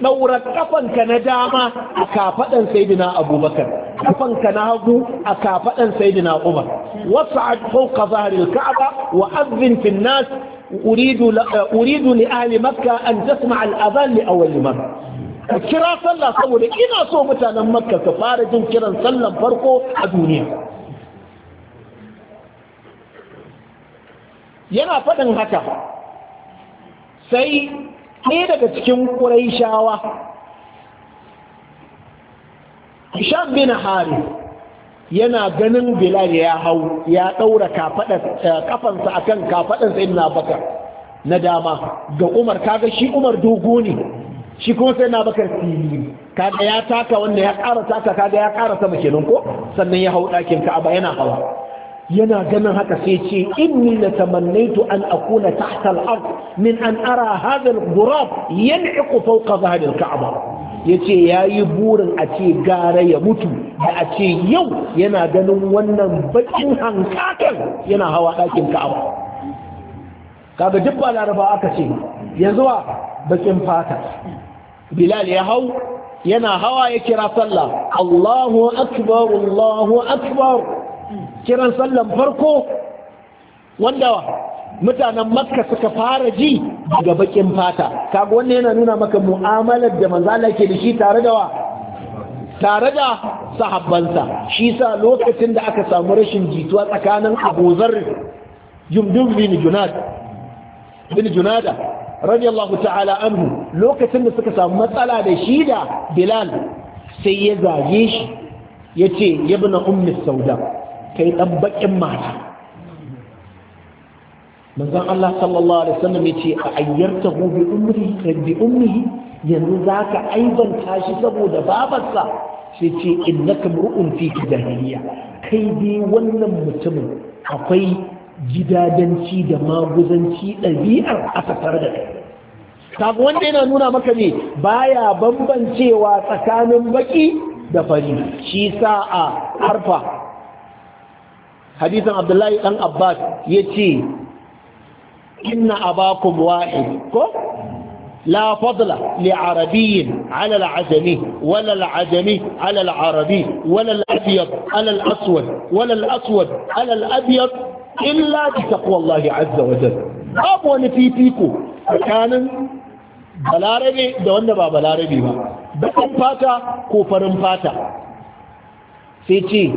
ɗaura ƙafanka na dama a kafaɗan saidina abubakar ƙafanka na hagu a kafaɗan saidina umar wasu a fauka zaharil ka'aba wa azin finnas uridu li ahli makka an tasma al'azan li awwal marra ka kira sallah saboda ina so mutanen makka ka fara jin kiran sallan farko a duniya yana faɗin haka sai ɗaya daga cikin ƙurai shawa Hisham bin Hari yana ganin Bilal ya hau ya ɗaura eh, kafansa akan kafaɗansa Ibn baka na dama ga Umar kaga shi Umar dogo ne shi kuma sai na bakar fili kaga ya taka wanda ya ƙara taka kaga ya ƙara sama kenan ko sannan ya hau ɗakin ka'aba yana hawa yana ganin haka sai ce inni la tamannaitu an akuna tahta al-ard min an ara hadha al-ghurab yan'iqu fawqa dhahri al-ka'ba yace yayi burin a ce gara ya mutu da a ce yau yana ganin wannan bakin hankakan yana hawa ɗakin ka'aba kaga duk ba laraba aka ce yanzu zuwa bakin fata bilal ya hau yana hawa ya kira sallah Allahu akbar Allahu akbar kiran sallan farko wanda mutanen makka suka fara ji daga bakin fata kaga wannan yana nuna maka mu'amalar da manzo Allah ke da shi tare da wa tare da sahabbansa shi sa lokacin da aka samu rashin jituwa tsakanin Abu Zar Jumdum bin Junad bin Junada radiyallahu ta'ala anhu lokacin da suka samu matsala da shi da bilal sai ya zage shi ya ce yabna ummin sauda kai dan bakin mata manzon Allah sallallahu alaihi wasallam ya ce a ayyarta gobe umri bi umri yanzu ka aibanta shi saboda babarsa sai ce innaka mur'un fi jahiliya kai dai wannan mutumin akwai gidadanci da maguzanci ɗabi'ar a tattare da kai kaga wanda yana nuna maka ne baya bambancewa tsakanin baki da fari shi sa a harfa hadisan abdullahi dan abbas ya ce inna abakum wahid ko لا فضل لعربي على العجمي ولا العجمي على العربي ولا الأبيض على الأسود ولا الأسود على الأبيض إلا بتقوى الله عز وجل أبو نفيفيكو فكان balarabe da wanda ba balarabe ba baƙin fata ko farin fata sai ce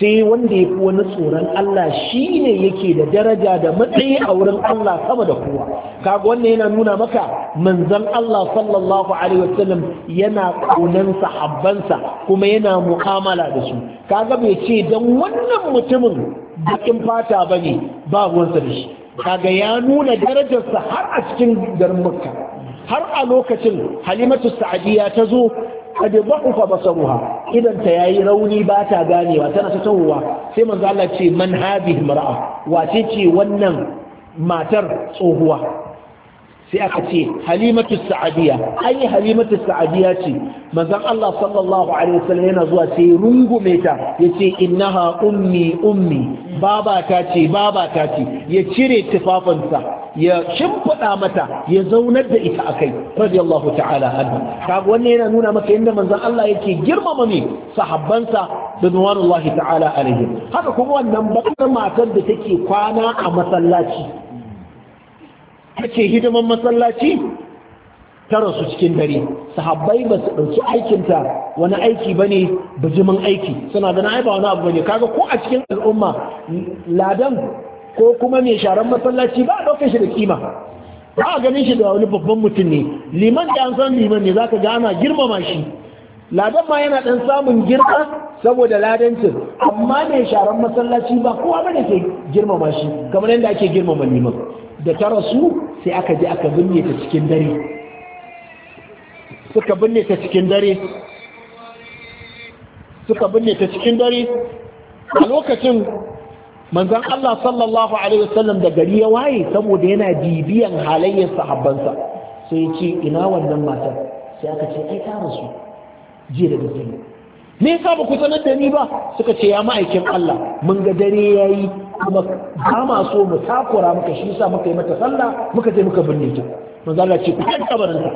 sai wanda ya fi wani tsoron Allah shi ne yake da daraja da matsayi a wurin Allah sama da kowa kaga wannan yana nuna maka manzan Allah sallallahu alaihi wasallam yana kaunan sahabbansa kuma yana mu'amala da su kaga bai ce dan wannan mutumin bakin fata bane ba wansa da shi kaga ya nuna darajarsa har a cikin garin Makka har a lokacin halimatu sa'adiyya ta zo kad dha'ufa basaruha idan ta yayi rauni ba ta ganewa tana ta tawowa sai manzo Allah ce man hadhihi mar'a wace ce wannan matar tsohuwa sai aka ce halimatu sa'adiyya an yi halimatu sa'adiyya ce manzon Allah sallallahu alaihi wasallam yana zuwa sai rungume ta yace innaha ummi ummi baba ta ce baba ta ce ya cire tufafinsa ya shimfida mata ya zaunar da ita akai radiyallahu ta'ala anhu kaga wannan yana nuna maka yadda manzon Allah yake girmama ne da radiyallahu ta'ala alaihi haka kuma wannan bakar matar da take kwana a masallaci take hidiman masallaci ta rasu cikin dare sahabbai ba su ɗauki aikinta wani aiki ba ne bijimin aiki suna da na ba wani abu ba ne kaga ko a cikin al'umma ladan ko kuma mai sharan masallaci ba a ɗauke shi da kima ba a ganin shi da wani babban mutum ne liman da an san liman ne zaka ga ana girmama shi ladan ma yana ɗan samun girma saboda ladancin amma mai sharan masallaci ba kowa ba ne ke girmama shi kamar yadda ake girmama liman da ta rasu sai aka je aka binne ta cikin dare suka binne ta cikin dare suka binne ta cikin dare a lokacin manzon Allah sallallahu alaihi wasallam da gari ya waye saboda yana bibiyan halayyar sahabbansa sai ce ina wannan matar sai aka ce ai ta rasu jiya da dare me yasa ba ku sanar da ni ba suka ce ya ma'aikin Allah mun ga dare yayi kuma ba ma so mu takura muka shi yasa muka yi mata sallah muka je muka binne ta manzo Allah ce ku kan kabarin ta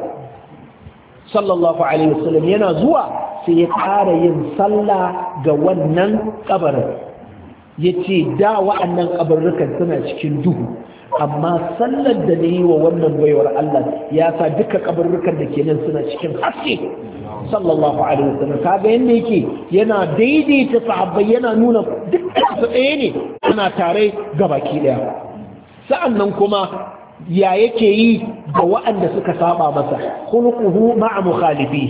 sallallahu alaihi wasallam yana zuwa sai ya ƙara yin sallah ga wannan kabarin yace da wa'annan ƙabarrukan suna cikin duhu amma sallar da na yi wa wannan baiwar Allah ya sa duka ƙabarrukan da ke nan suna cikin haske sallallahu alaihi wasallam kaga yanda yake yana daidaita sahabbai yana nuna dukkan su ɗaya ne ana tare gabaki ɗaya sa'annan kuma ya yake yi ga wa'anda suka saba masa khuluquhu ma'a mukhalifi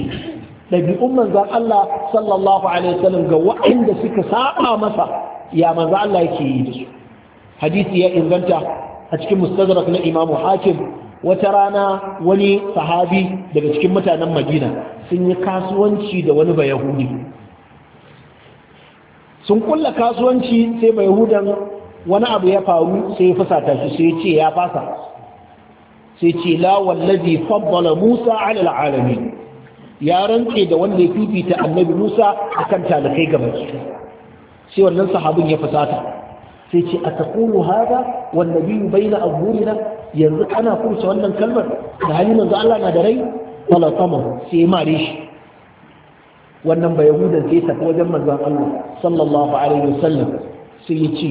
ɗabi'un manzan Allah sallallahu alaihi wasallam ga wa'anda suka saba masa ya manzan Allah yake yi da su hadisi ya inganta a cikin mustadrak na Imam Hakim wata rana wani sahabi daga cikin mutanen Madina sun yi kasuwanci da wani bayahudi sun kulla kasuwanci sai bayahudan wani abu ya faru sai ya fusata shi sai ce ya fasa sai ce la wallazi faddala musa ala alamin ya rantse da wanda ya fifita annabi musa akan talakai gaba. sai wannan sahabin ya fusata sai ce a taƙulu haɗa wanda biyu bai na yanzu ana kurce wannan kalmar da hali manzo Allah na da rai falasama sai ya mare shi wannan ba yahudan sai tafi wajen manzon Allah sallallahu alaihi wasallam sai ya ce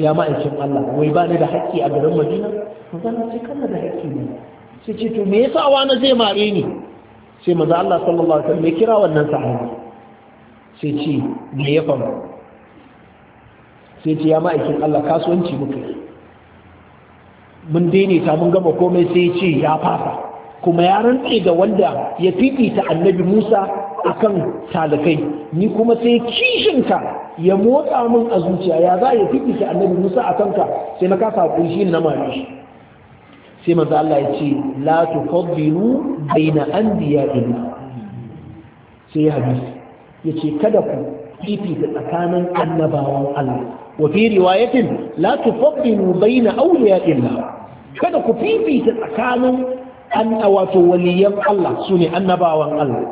ya ma'aikin Allah wai ba ni da haƙƙi a garin Madina manzon Allah sai kana da haƙƙi ne sai ce to me yasa wani zai mare ni sai manzon Allah sallallahu alaihi wasallam ya kira wannan sahabi sai ce me ya faru sai ce ya ma'aikin Allah kasuwanci yi mun ta mun gama komai sai ce ya fasa kuma ya rantse ga wanda ya fifita annabi Musa akan talakai ni kuma sai kishinka ya motsa min a zuciya ya za ya fifita annabi Musa akan ka sai na kasa hakuri shi na mare shi sai manzo Allah ya ce la tufaddilu baina anbiya'ikum sai ya hadisi yace kada ku fifita tsakanin annabawan Allah wa fi riwayatin la tufaddilu baina awliya'illah kada ku fifita tsakanin an wato waliyan Allah su ne annabawan Allah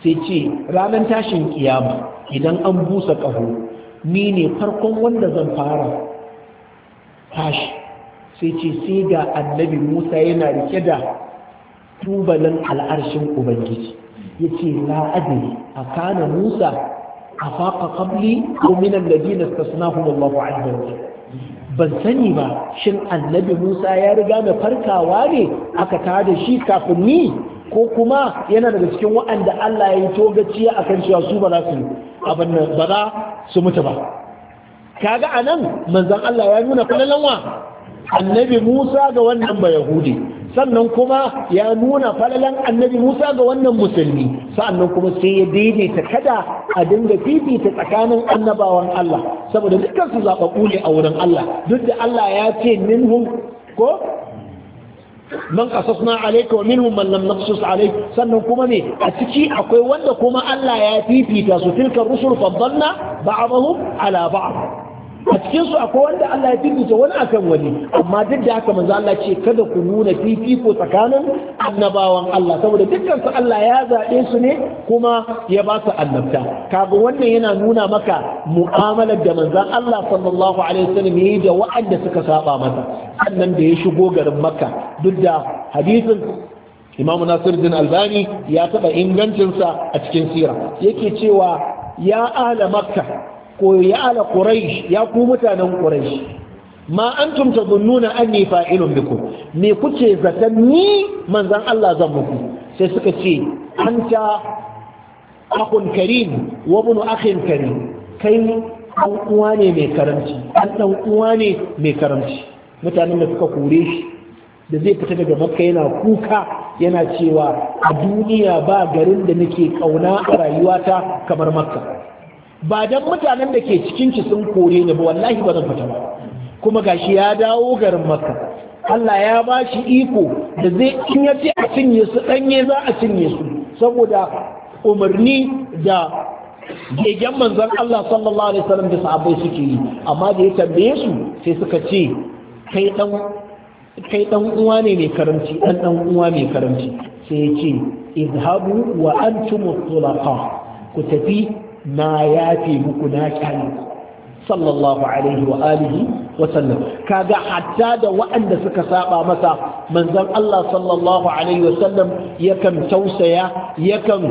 sai ce ranar tashin kiyama idan an busa ƙaho ni ne farkon wanda zan fara tashi sai ce sai ga annabi musa yana rike da tubalin al'arshin ubangiji ya ce la'adiri a kana musa a faƙa ƙabli ko minan da dinas ta suna hulun mafi ban sani ba shin annabi musa ya riga mai farkawa ne aka ta da shi kafin ni ko kuma yana daga cikin waɗanda allah ya yi togaciya a kan cewa su ba za su su mutu ba kaga a nan manzan allah ya nuna falalan wa annabi Musa ga wannan Bayahudi sannan kuma ya nuna falalan annabi Musa ga wannan musulmi sannan kuma sai ya daidaita kada a dinga fifita tsakanin annabawan Allah saboda dukkan su zaɓa ne a wurin Allah duk da Allah ya ce minhum ko man qasasna alayka wa minhum man lam naqsus alayk sannan kuma ne a ciki akwai wanda kuma Allah ya fifita su tilka rusul faddalna ba'dahum ala ba'd a cikin su akwai wanda Allah ya fifita wani akan wani amma duk da haka manzo Allah ce kada ku nuna fifiko tsakanin annabawan Allah saboda dukkan su Allah ya zaɓe su ne kuma ya ba su annabta kaga wannan yana nuna maka mu'amalar da manzon Allah sallallahu alaihi wasallam yayi da wa'anda suka saba masa sannan da ya shigo garin Makka duk da hadisin Imam Nasiruddin Albani ya taɓa ingancinsa a cikin sira yake cewa ya ahla Makka ko ya ala quraish ya ku mutanen quraish ma antum tazunnuna anni fa'ilun bikum me kuke zaton ni manzon Allah zan muku sai suka ce anta akun karim wa ibn akhin karim kai dan uwa ne mai karamci an dan uwa ne mai karamci mutanen da suka kore shi da zai fita daga makka yana kuka yana cewa a duniya ba garin da nake kauna a rayuwata kamar makka ba dan mutanen da ke cikin ki kore ni ba wallahi ba zan fita ba kuma gashi ya dawo garin makka Allah ya ba shi iko da zai in ya ce a cinye su danye za a cinye su saboda umarni da gegen manzon Allah sallallahu alaihi wasallam da sahabbai suke yi amma da ya tambaye su sai suka ce kai dan kai dan uwa ne mai karamci dan dan uwa mai karamci sai ya ce izhabu wa antum tulaqa ku tafi na yafe muku na kyale sallallahu alaihi wa alihi wa sallam kaga hatta da waɗanda suka saba masa manzon Allah sallallahu alaihi wa sallam yakan tausaya yakan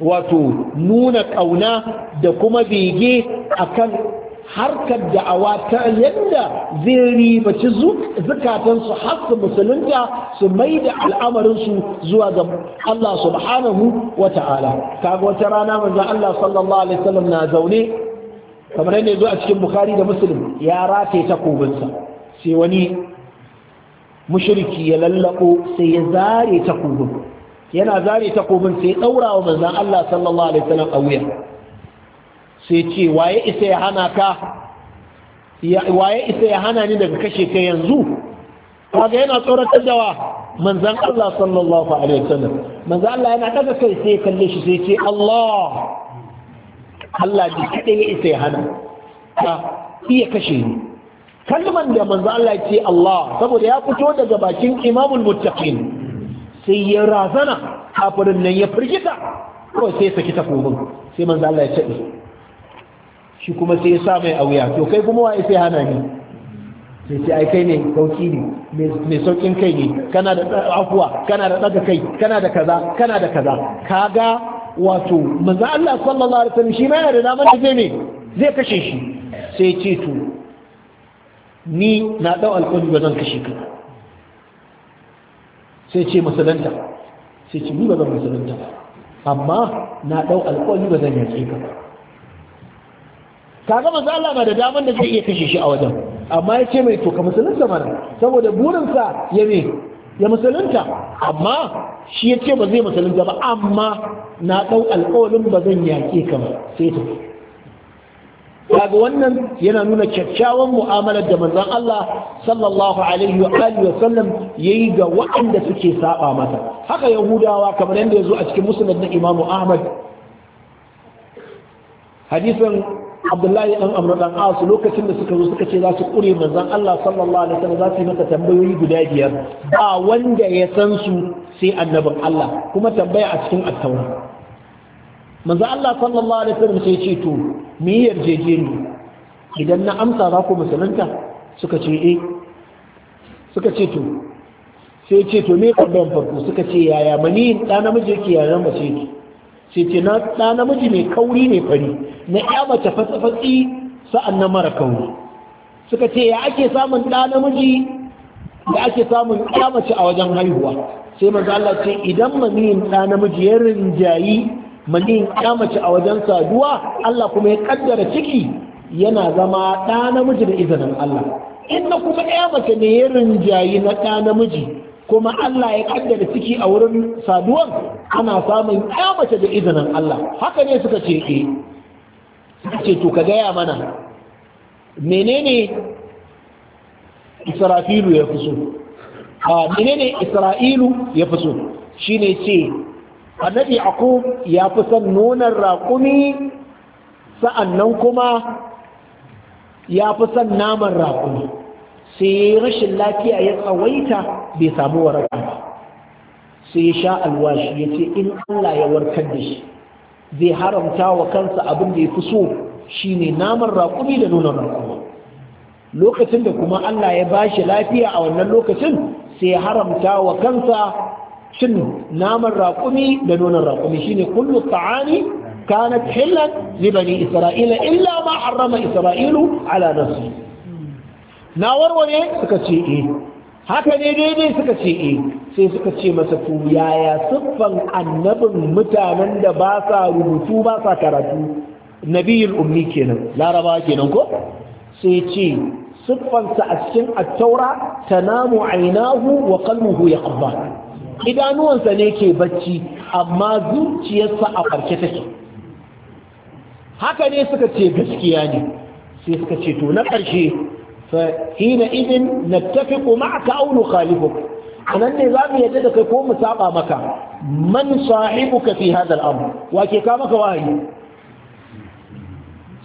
wato nuna kauna da kuma bege akan harkar da'awa ta yadda zai ribaci zukatansu har su musulunta su mai da al'amarinsu zuwa ga Allah subhanahu wa ta'ala kaga wata rana manzon Allah sallallahu alaihi wasallam na zaune kamar yadda zuwa cikin bukhari da muslim ya rataye takobinsa sai wani mushriki ya lallabo sai ya zare takobin yana zare takobin sai ya daura wa manzon Allah sallallahu alaihi wasallam a wuya sai ce waye isa ya hana ka waye isa ya hana ni daga kashe ka yanzu kaga yana tsoratar da wa manzan Allah sallallahu alaihi wasallam manzan Allah yana daga kai sai kalle shi sai ce Allah Allah ji kada ya isa ya hana ka iya kashe ni kalman da manzan Allah ya ce Allah saboda ya fito daga bakin imamul muttaqin sai ya razana kafirin nan ya firgita kawai sai ya saki takobin sai manzan Allah ya ce shi kuma sai ya sa mai a wuya to kai kuma wa sai hana ni sai sai ai kai ne sauki ne mai saukin kai ne kana da afuwa kana da daga kai kana da kaza kana da kaza kaga wato manzo Allah sallallahu alaihi wasallam shi ma yana da daman da zai ne zai kashe shi sai ce to ni na dau alƙawari ba zan kashe ka sai ce masalanta. sai ce ni ba zan musulunta amma na dau alƙawari ba zan yace ka kaga manzo Allah na da daman da zai iya kashe shi a wajen amma ya ce mai to ka musulunta mana saboda burinsa ya ne ya musulunta amma shi ya ce ba zai musulunta ba amma na ɗau alƙawarin ba zan yaƙe ka ba sai ta kaga wannan yana nuna kyakkyawan mu'amalar da manzon Allah sallallahu alaihi wa alihi wa sallam yayi ga waɗanda suke saba masa haka yahudawa kamar yadda yazo a cikin musnad na Imam Ahmad hadisin abdullahi dan amr dan as lokacin da suka zo suka ce za su kure manzon Allah sallallahu alaihi wasallam za su yi mata tambayoyi guda biyar ba wanda ya san su sai annabin Allah kuma tambaya a cikin at-taura manzon Allah sallallahu alaihi wasallam sai ce to me yarjejeni idan na amsa za ku musulunta suka ce eh suka ce to sai ce to me ban farko suka ce yaya mani da namiji yake yaya mace sai ce na ɗa namiji mai kauri ne fari na ya mace fatsi sa'an na mara kauri suka ce ya ake samun ɗa namiji da ake samun ya mace a wajen haihuwa sai manzo Allah ce idan maniyin ɗa namiji ya rinjayi maniyin ya mace a wajen saduwa Allah kuma ya kaddara ciki yana zama ɗa namiji da izinin Allah Inna kuma ya mace ne ya rinjayi na ɗa namiji kuma Allah ya kaddara ciki a wurin saduwan ana samun ya mace da izinin Allah haka ne suka ce ke eh. suka ce to ka gaya mana menene Isra'ilu ya fi so a ah, menene isra'ilu ya fi so shine ce annabi aku ya fi son nonon raƙumi sa'annan kuma ya fi son naman raƙumi sai rashin lafiya ya tsawaita bai samu waraka ba sai ya sha alwashi ya ce in Allah ya warkar da shi zai haramta wa kansa abin da ya fi so shine naman raƙumi da nuna raƙumi lokacin da kuma Allah ya bashi lafiya a wannan lokacin sai ya haramta wa kansa cin naman raƙumi da nonon raƙumi shine kullu ta'ani كانت حلا لبني إسرائيل إلا ما حرم Isra'ilu على نفسه na warware suka ce e haka ne daidai suka ce e sai suka ce masa to yaya siffan annabin mutanen da ba sa rubutu ba sa karatu nabiyul ummi kenan laraba kenan ko sai ce siffansa a cikin attaura ta namu ainihu wa Kalmuhu ya yaqba idanuwansa ne ke bacci amma zuciyarsa a farke take haka ne suka ce gaskiya ne sai suka ce to na ƙarshe فحينئذ نتفق معك أو نخالفك أنا النظام يجدك يكون مساقا مكا من صاحبك في هذا الأمر وكيكامك وآي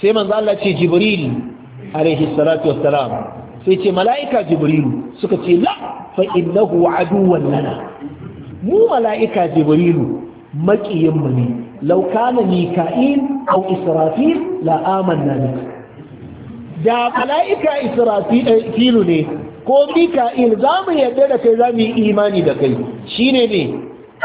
سيما ظل جبريل عليه الصلاة والسلام سيتي ملائكة جبريل سكتي لا فإنه عدو لنا مو ملائكة جبريل مكي يمني لو كان ميكائيل أو إسرافيل آمن بك da mala'ika israfilu eh, ne ko mika'il za mu yadda da kai za mu yi imani da kai shine ne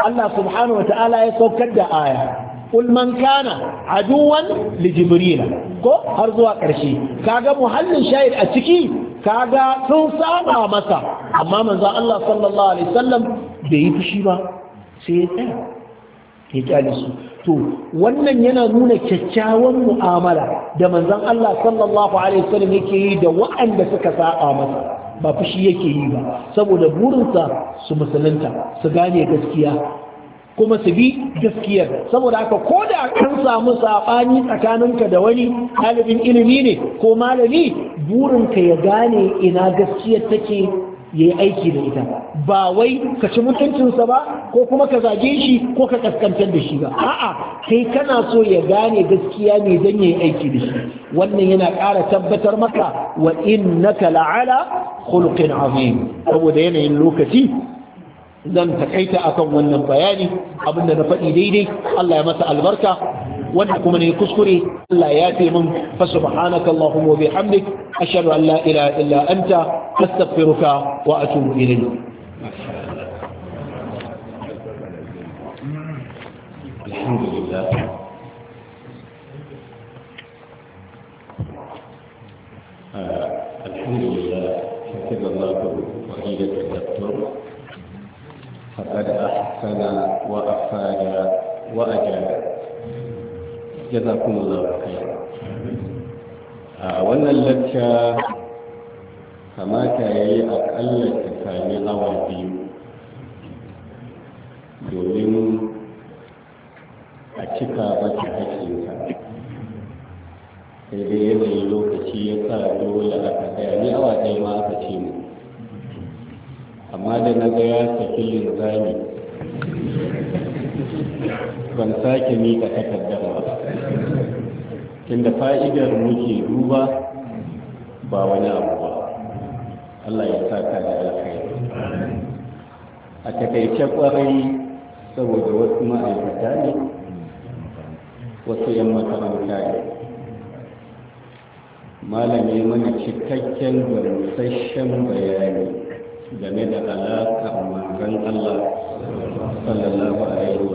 Allah subhanahu wa ta'ala ya saukar da aya Ulman kana Aduwan عدوا ko har zuwa ƙarshe kaga muhallin shahid a ciki kaga sun saba masa amma manzo Allah sallallahu alaihi wasallam bai yi fushi ba sai ya tsaya ya kyale su to wannan yana nuna kyakkyawan mu'amala da manzon Allah sallallahu alaihi wasallam yake yi da waɗanda suka saba masa ba fushi yake yi ba saboda burinsa su musulunta su gane gaskiya kuma su bi gaskiyar saboda haka ko da an samu saɓani tsakaninka da wani ɗalibin ilimi ne ko malami burinka ya gane ina gaskiyar take ya yi aiki da ita ba wai ka ci mutuncinsa ba ko kuma ka zage shi ko ka kaskantar da shi ba a'a kai kana so ya gane gaskiya ne dan yayi yi aiki da shi wannan yana ƙara tabbatar maka wa innaka la'ala khuluqin azim saboda yanayin lokaci zan takaita akan wannan bayani abinda na faɗi daidai Allah ya masa albarka wanda kuma ne kuskure Allah ya fi min fa subhanaka allahumma wa bihamdik ashhadu an la ilaha illa anta astaghfiruka wa atubu ilayk الحمد لله الحمد لله حفظ الله فضيلة الدكتور فقد أحسن وأفاد وأجاب jazakumullahu khairan a wannan lacca kamata ya yi akalla tsakanin awa biyu domin a cika mata hakinka sai dai yanayin lokaci ya sa dole aka tsaya ni awa ɗaya ma aka ce mu amma da na ga ya saki linzami ban sake miƙa takardar ba tunda fa'idar muke duba ba wani abu ba Allah ya saka da alkhairi a takaice kwarai saboda wasu ma'aikata ne wasu yan makaranta ne malami mana cikakken gamsashen bayani game da alaƙa manzon Allah sallallahu alaihi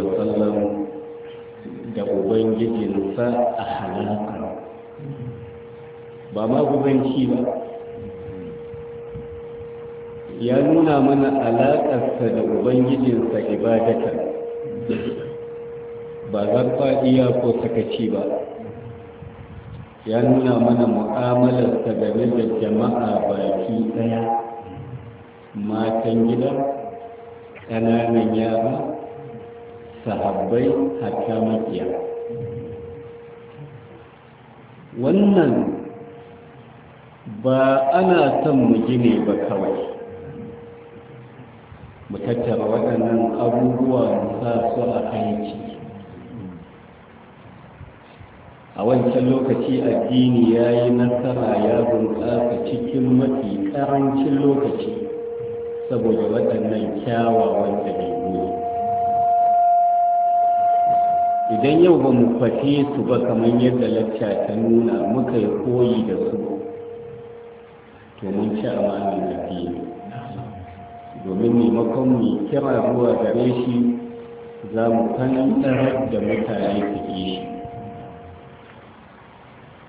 a halakar ba ma ba ya nuna mana alaƙarsa da ubangijinsa ibadata ba faɗiya ko sakaci ba ya nuna mana mu'amalarsa game da jama'a baki ɗaya matan gida ƙananan yara sahabbai hatta makiya wannan ba ana son mu gine ba kawai mu tattara waɗannan abubuwa sa su a aiki a wancan lokaci addini ya yi nasara ya bunƙasa cikin mafi ƙarancin lokaci saboda waɗannan kyawawan ɗabi'u idan yau ba mu fafe su ba kamar yadda lacca ta nuna muka yi koyi da su to mun ci amana da biyu domin maimakon mu kira zuwa gare shi za mu kanantar da mutane su ke shi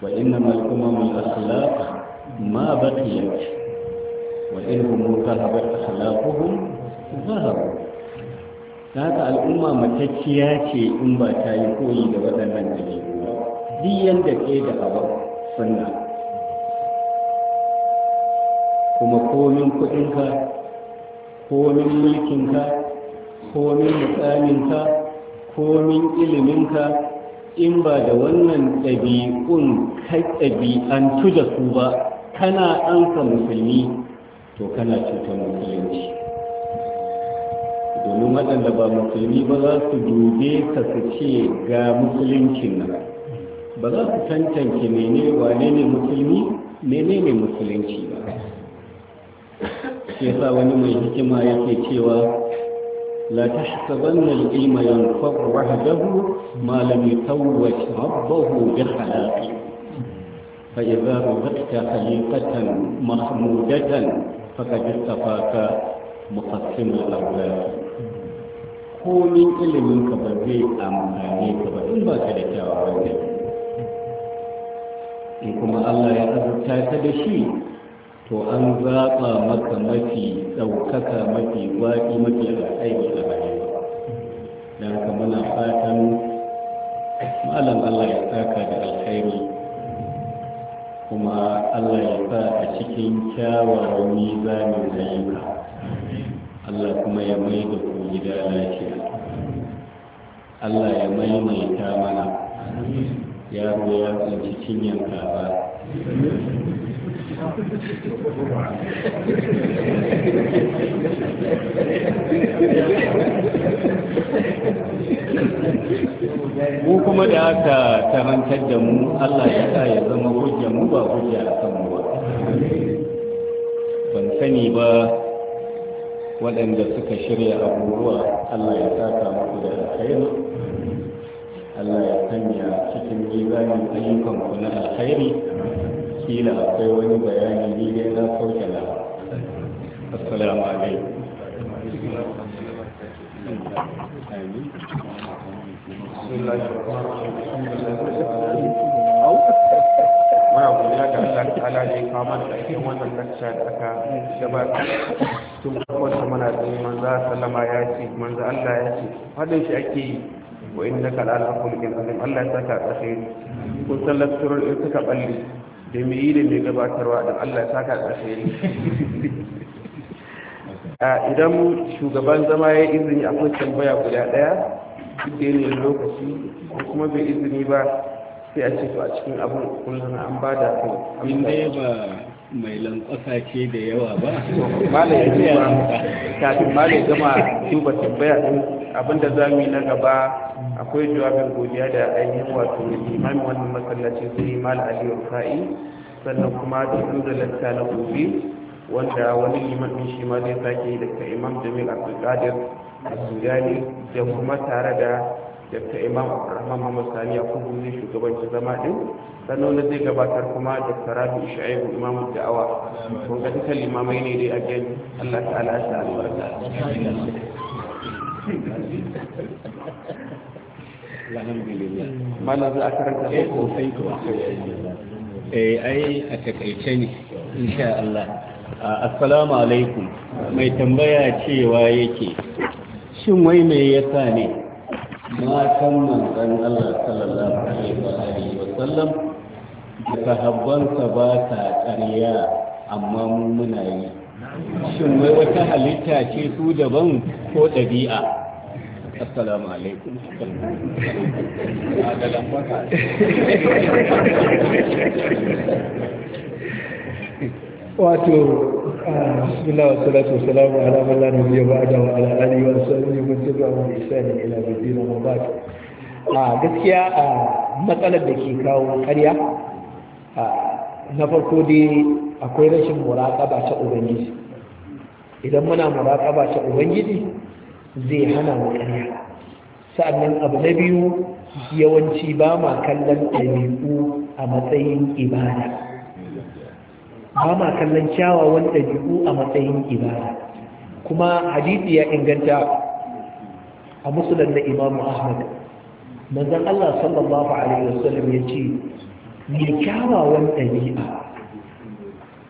wa inna kuma mai akhlaq ma baqiyat wa in hum mutahabat akhlaquhum zahabu ta haka al'umma matacciya ce in ba ta yi koyi da waɗannan ɗabi'u ba duk yadda ke da abu sunna kuma komin kuɗinka komin mulkinka komin mukaminka komin iliminka in ba da wannan ɗabi'un kai ɗabi'antu da su ba kana ɗansa musulmi to kana cutar musulunci domin waɗanda ba musulmi ba za su dube ka su ce ga musuluncin nan ba za su tantance mene wane ne musulmi mene ne musulunci ba sa wani mai hikima yake cewa la tahsabanna al-ilma yanfa'u wahdahu ma lam yutawwaj rabbahu bi khalaqi fa idza rubta khaliqatan mahmudatan faqad istafaka ka al-awlad kolo ilimin ka ba zai amfani ka ba in ba ka da kyawawan ne in kuma Allah ya azurta ka da shi to an zaɓa maka mafi ɗaukaka mafi gwaɗi mafi alƙairi a ba don ka muna fatan malam Allah ya saka da alƙairi kuma Allah ya sa a cikin kyawawan mizanin ayyuka Allah kuma ya mai ku gida lafiya Allah ya maimaita mana yaro ya tsinci cinyan kaza mu kuma da aka tarantar da mu Allah ya sa ya zama hujja mu ba hujja a kan ban sani ba waɗanda suka shirya abubuwa Allah ya saka muku da alkhairi Allah ya sanya cikin mizanin ayyukan ku na alkhairi kila akwai wani bayani ni dai na sauke na assalamu alaikum muna godiya ga Allah ta'ala da ya kama da cikin wannan lakca da aka gabata tun farkon sa muna da manza sallama ya ce manza Allah ya ce hadin shi ake yi wa innaka la ala khulqin azim Allah ya saka alkhairi kun san lakturar in suka balle da mai yi da me gabatarwa da Allah ya saka alkhairi a idan shugaban zama ya yi izini akwai tambaya guda ɗaya duk da yanayin lokaci ko kuma bai izini ba sai a ce to a cikin abin kullum an ba da kai in dai ba mai lankwasa ce da yawa ba malai ya duba kafin malai gama duba tambaya din abinda za mu yi na gaba akwai jawabin godiya da ainihin wato limamin wannan masallaci sai mal ali rufa'i sannan kuma da inda na gobe wanda wani limamin shi ma zai sake daga imam jamil abdulkadir a da kuma tare da Dakta imam abdurrahman muhammad ya kuma zai shugabanci zama din sannan wani zai gabatar kuma dr rabi sha'ibu imamu da'awa kun ga dukkan limamai ne dai a gani allah ta'ala ya ta. albarka malam za a karanta ko sosai ko eh ai a takaice ne insha allah assalamu alaikum mai tambaya cewa yake shin wai mai yasa ne matan manzan Allah sallallahu alaihi wa alihi wa sallam da sahabbansa ba ta ƙarya amma mu muna yi shin wai wata halitta ce su daban ko ɗabi'a assalamu alaikum wato ala الله والصلاة والسلام على من لا نبي بعده وعلى آله وصحبه من تبعهم بإحسان إلى الدين وبعد a gaskiya a matsalar da ke kawo karya na farko dai akwai rashin muraƙaba ta ubangiji idan muna muraƙaba ta ubangiji zai hana mu karya sa'annan abu na biyu yawanci ba ma kallon ɗabi'u a matsayin ibada ba ma kallon kyawawan ɗabi'u a matsayin ibada kuma hadisi ya inganta a musulun na imamu ahmad manzon allah sallallahu alaihi wasallam ya ce mai kyawawan ɗabi'a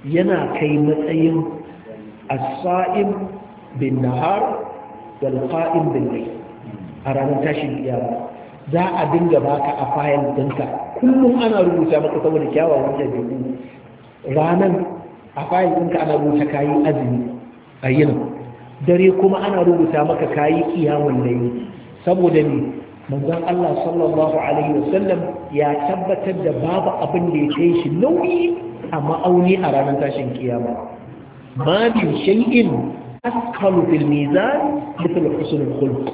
yana kai matsayin asa'im bin nahar Alfa'in bin rai a ranar tashin kiyama za a dinga baka a fayil ɗinka kullum ana rubuta maka saboda kyawawan ɗabi'u ranan a fayil ɗinka ana rubuta kayi azumi a yin dare kuma ana rubuta maka kayi kiyamun yi. saboda ne manzon Allah sallallahu alaihi wasallam ya tabbatar da babu abin da ya kai shi nauyi a ma'auni a ranar tashin kiyama ma min shay'in askalu fil mizan mithl husn al khuluq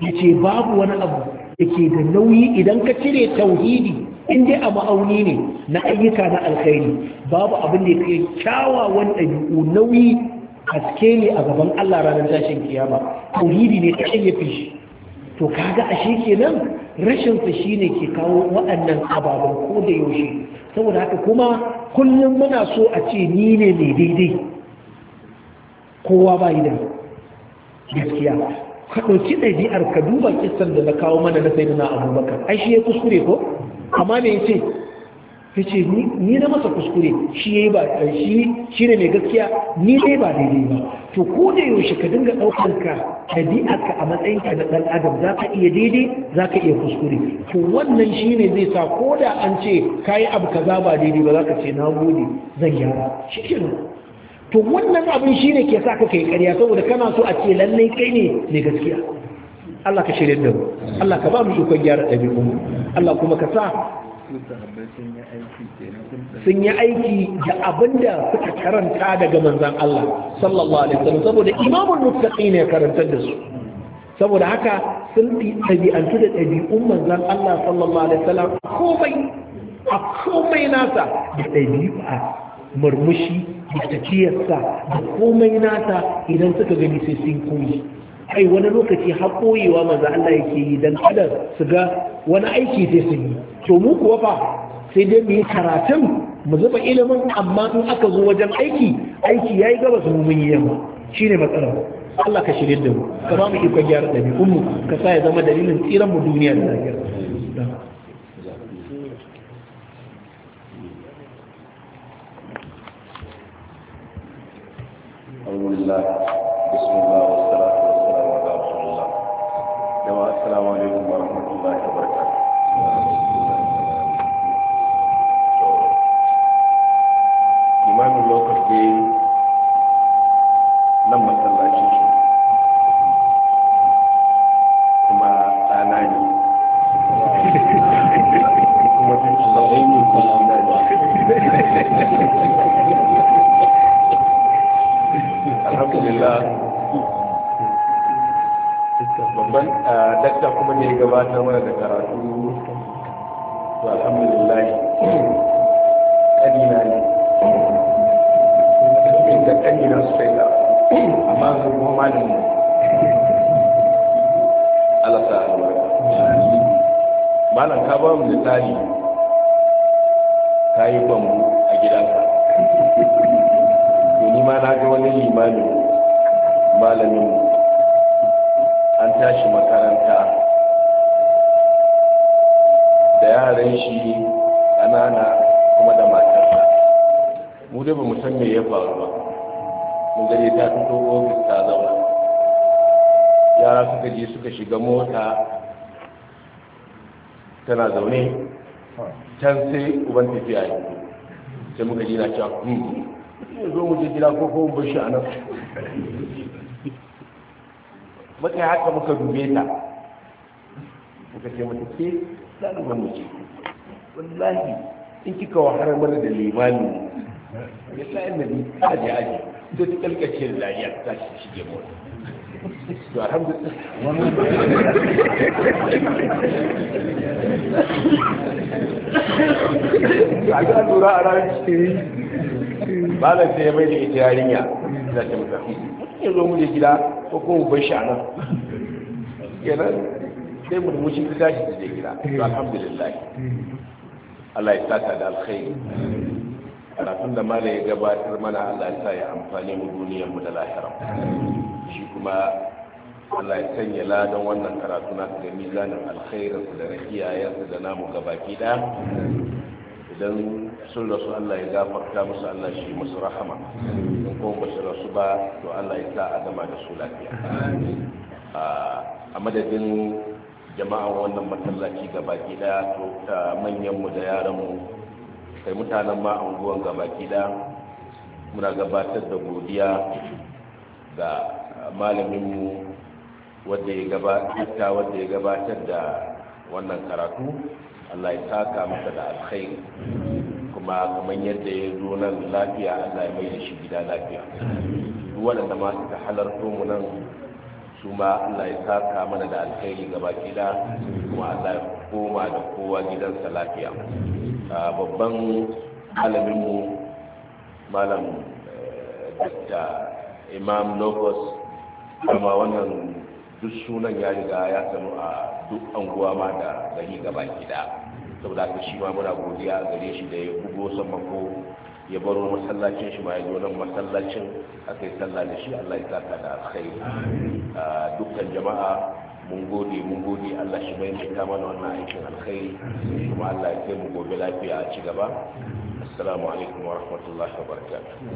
yace babu wani abu yake da nauyi idan ka cire tauhidi in dai a ma'auni ne na ayyuka na alkhairi babu abin da yake kyawawan ɗabi'u nauyi haske ne a gaban Allah ranar tashin kiyama tauhidi ne ta yayyafe shi to kaga ashe kenan rashin sa shine ke kawo waɗannan ababen ko da yaushe saboda haka kuma kullum muna so a ce ni ne mai daidai kowa ba yi da gaskiya ka ɗauki ɗabi'ar ka duba kisan da na kawo mana na sai na abubakar ai shi ya kuskure ko amma me yace ce ni na masa kuskure shi ba shi shine mai gaskiya ni dai ba daidai ba to ko da yaushe ka dinga ɗaukar ka dabi'arka a matsayin ka na ɗan adam ka iya daidai za ka iya kuskure to wannan shine zai sa ko da an ce ka yi abu kaza ba daidai ba za ka ce na gode zan gyara shikenan to wannan abin shine ke sa ka kai ƙarya saboda kana so a ce lallai kai ne mai gaskiya Allah ka shirye da Allah ka ba mu ikon gyara ɗabi'un Allah kuma ka sa sun yi aiki da abinda suka karanta daga manzan Allah sallallahu alaihi wasallam saboda imamul muttaqi ne karantar da su saboda haka sun ɗabi'antu da ɗabi'un manzan Allah sallallahu alaihi wasallam komai a komai nasa da ɗabi'a murmushi da tafiyarsa da komai nasa idan suka gani sai sun koyi ai wani lokaci haƙoyewa maza Allah yake yi dan kada su ga wani aiki sai su yi to mu kuwa fa sai dai mu yi karatun mu zuba ilimin amma in aka zo wajen aiki aiki yayi gaba su mun yi yamma shine matsalar Allah ka shirye da mu ka ba mu iko gyara da mu ka sa ya zama dalilin tsiran mu duniya da lafiya أعوذ بالله بسم tattaunawa assalamu alaikum wa rahmatullahi wa lokaci nan masallaci shi kuma ɗana ne kuma jin zaɓe ne kuma ɗana ne alhamdulillah babban dakta kuma ne gabatar mana da karatu to alhamdulillah kadina ne inda kanina su sai da amma su kuma malin ne alasa albarka malam ka ba mu misali ka yi bambu a gidanka to ni ma na ga wani limamin malamin mu tashi makaranta da yaran shi anana kuma da matarsa mu dai ba mu san me ya faru ba mun gare ta fito ofis ta zauna yara suka je suka shiga mota tana zaune can sai uban tafiya yi sai muka ji na cewa hmm, zo mu je gida ko kuma bashi a nan muka yi haka muka dube ta muka ce mata ce ke ɗaliban mu ce wallahi in kika wahar mana da limani ya sa yin nabi aje aji sai ta kalkace da dariya ta shi shige mota to alhamdulillah a ga lura a ranar ce ba da sai mai da ita yarinya za ta mutu ya mu je gida ko ko bai shi anan kenan sai murmushi ta tashi da je gida eh. alhamdulillah Allah ya saka da alkhairi karatun da mala ya gabatar mana Allah ya sa ya amfani mu duniyar mu da lahira shi kuma Allah ya sanya ladan wannan karatu na da mizanin alkhairin da ya da namu gabaki da idan sun rasu Allah ya gafarta musu Allah shi musu rahama in kuma ba su rasu ba to Allah ya sa adama da su lafiya a madadin jama'an wannan ga gaba gida to ta manyan mu da yaran mu kai mutanen ma unguwan gaba da muna gabatar da godiya ga malamin mu wanda ya gabatar da wannan karatu Allah ya saka masa da alkhairi kuma kamar yadda ya zo nan lafiya Allah ya mai da shi gida lafiya waɗanda ma suka halarto mu nan su ma Allah ya saka mana da alkhairi gaba gida kuma Allah ya koma da kowa gidansa lafiya babban mu malam eh, da imam locus kuma wannan duk sunan ya riga ya samu a duk anguwa ma da gari gaba gida saboda haka shi ma muna godiya gare shi da ya bugo sama ko ya baro masallacin shi ma ya zo nan masallacin aka yi salla da shi Allah ya saka da alkhairi ah, dukkan jama'a mun gode mun gode Allah shi bai mai kama da wannan aikin alkhairi kuma Allah ya kai mu gobe lafiya a ci gaba assalamu alaikum wa rahmatullahi wa barakatuh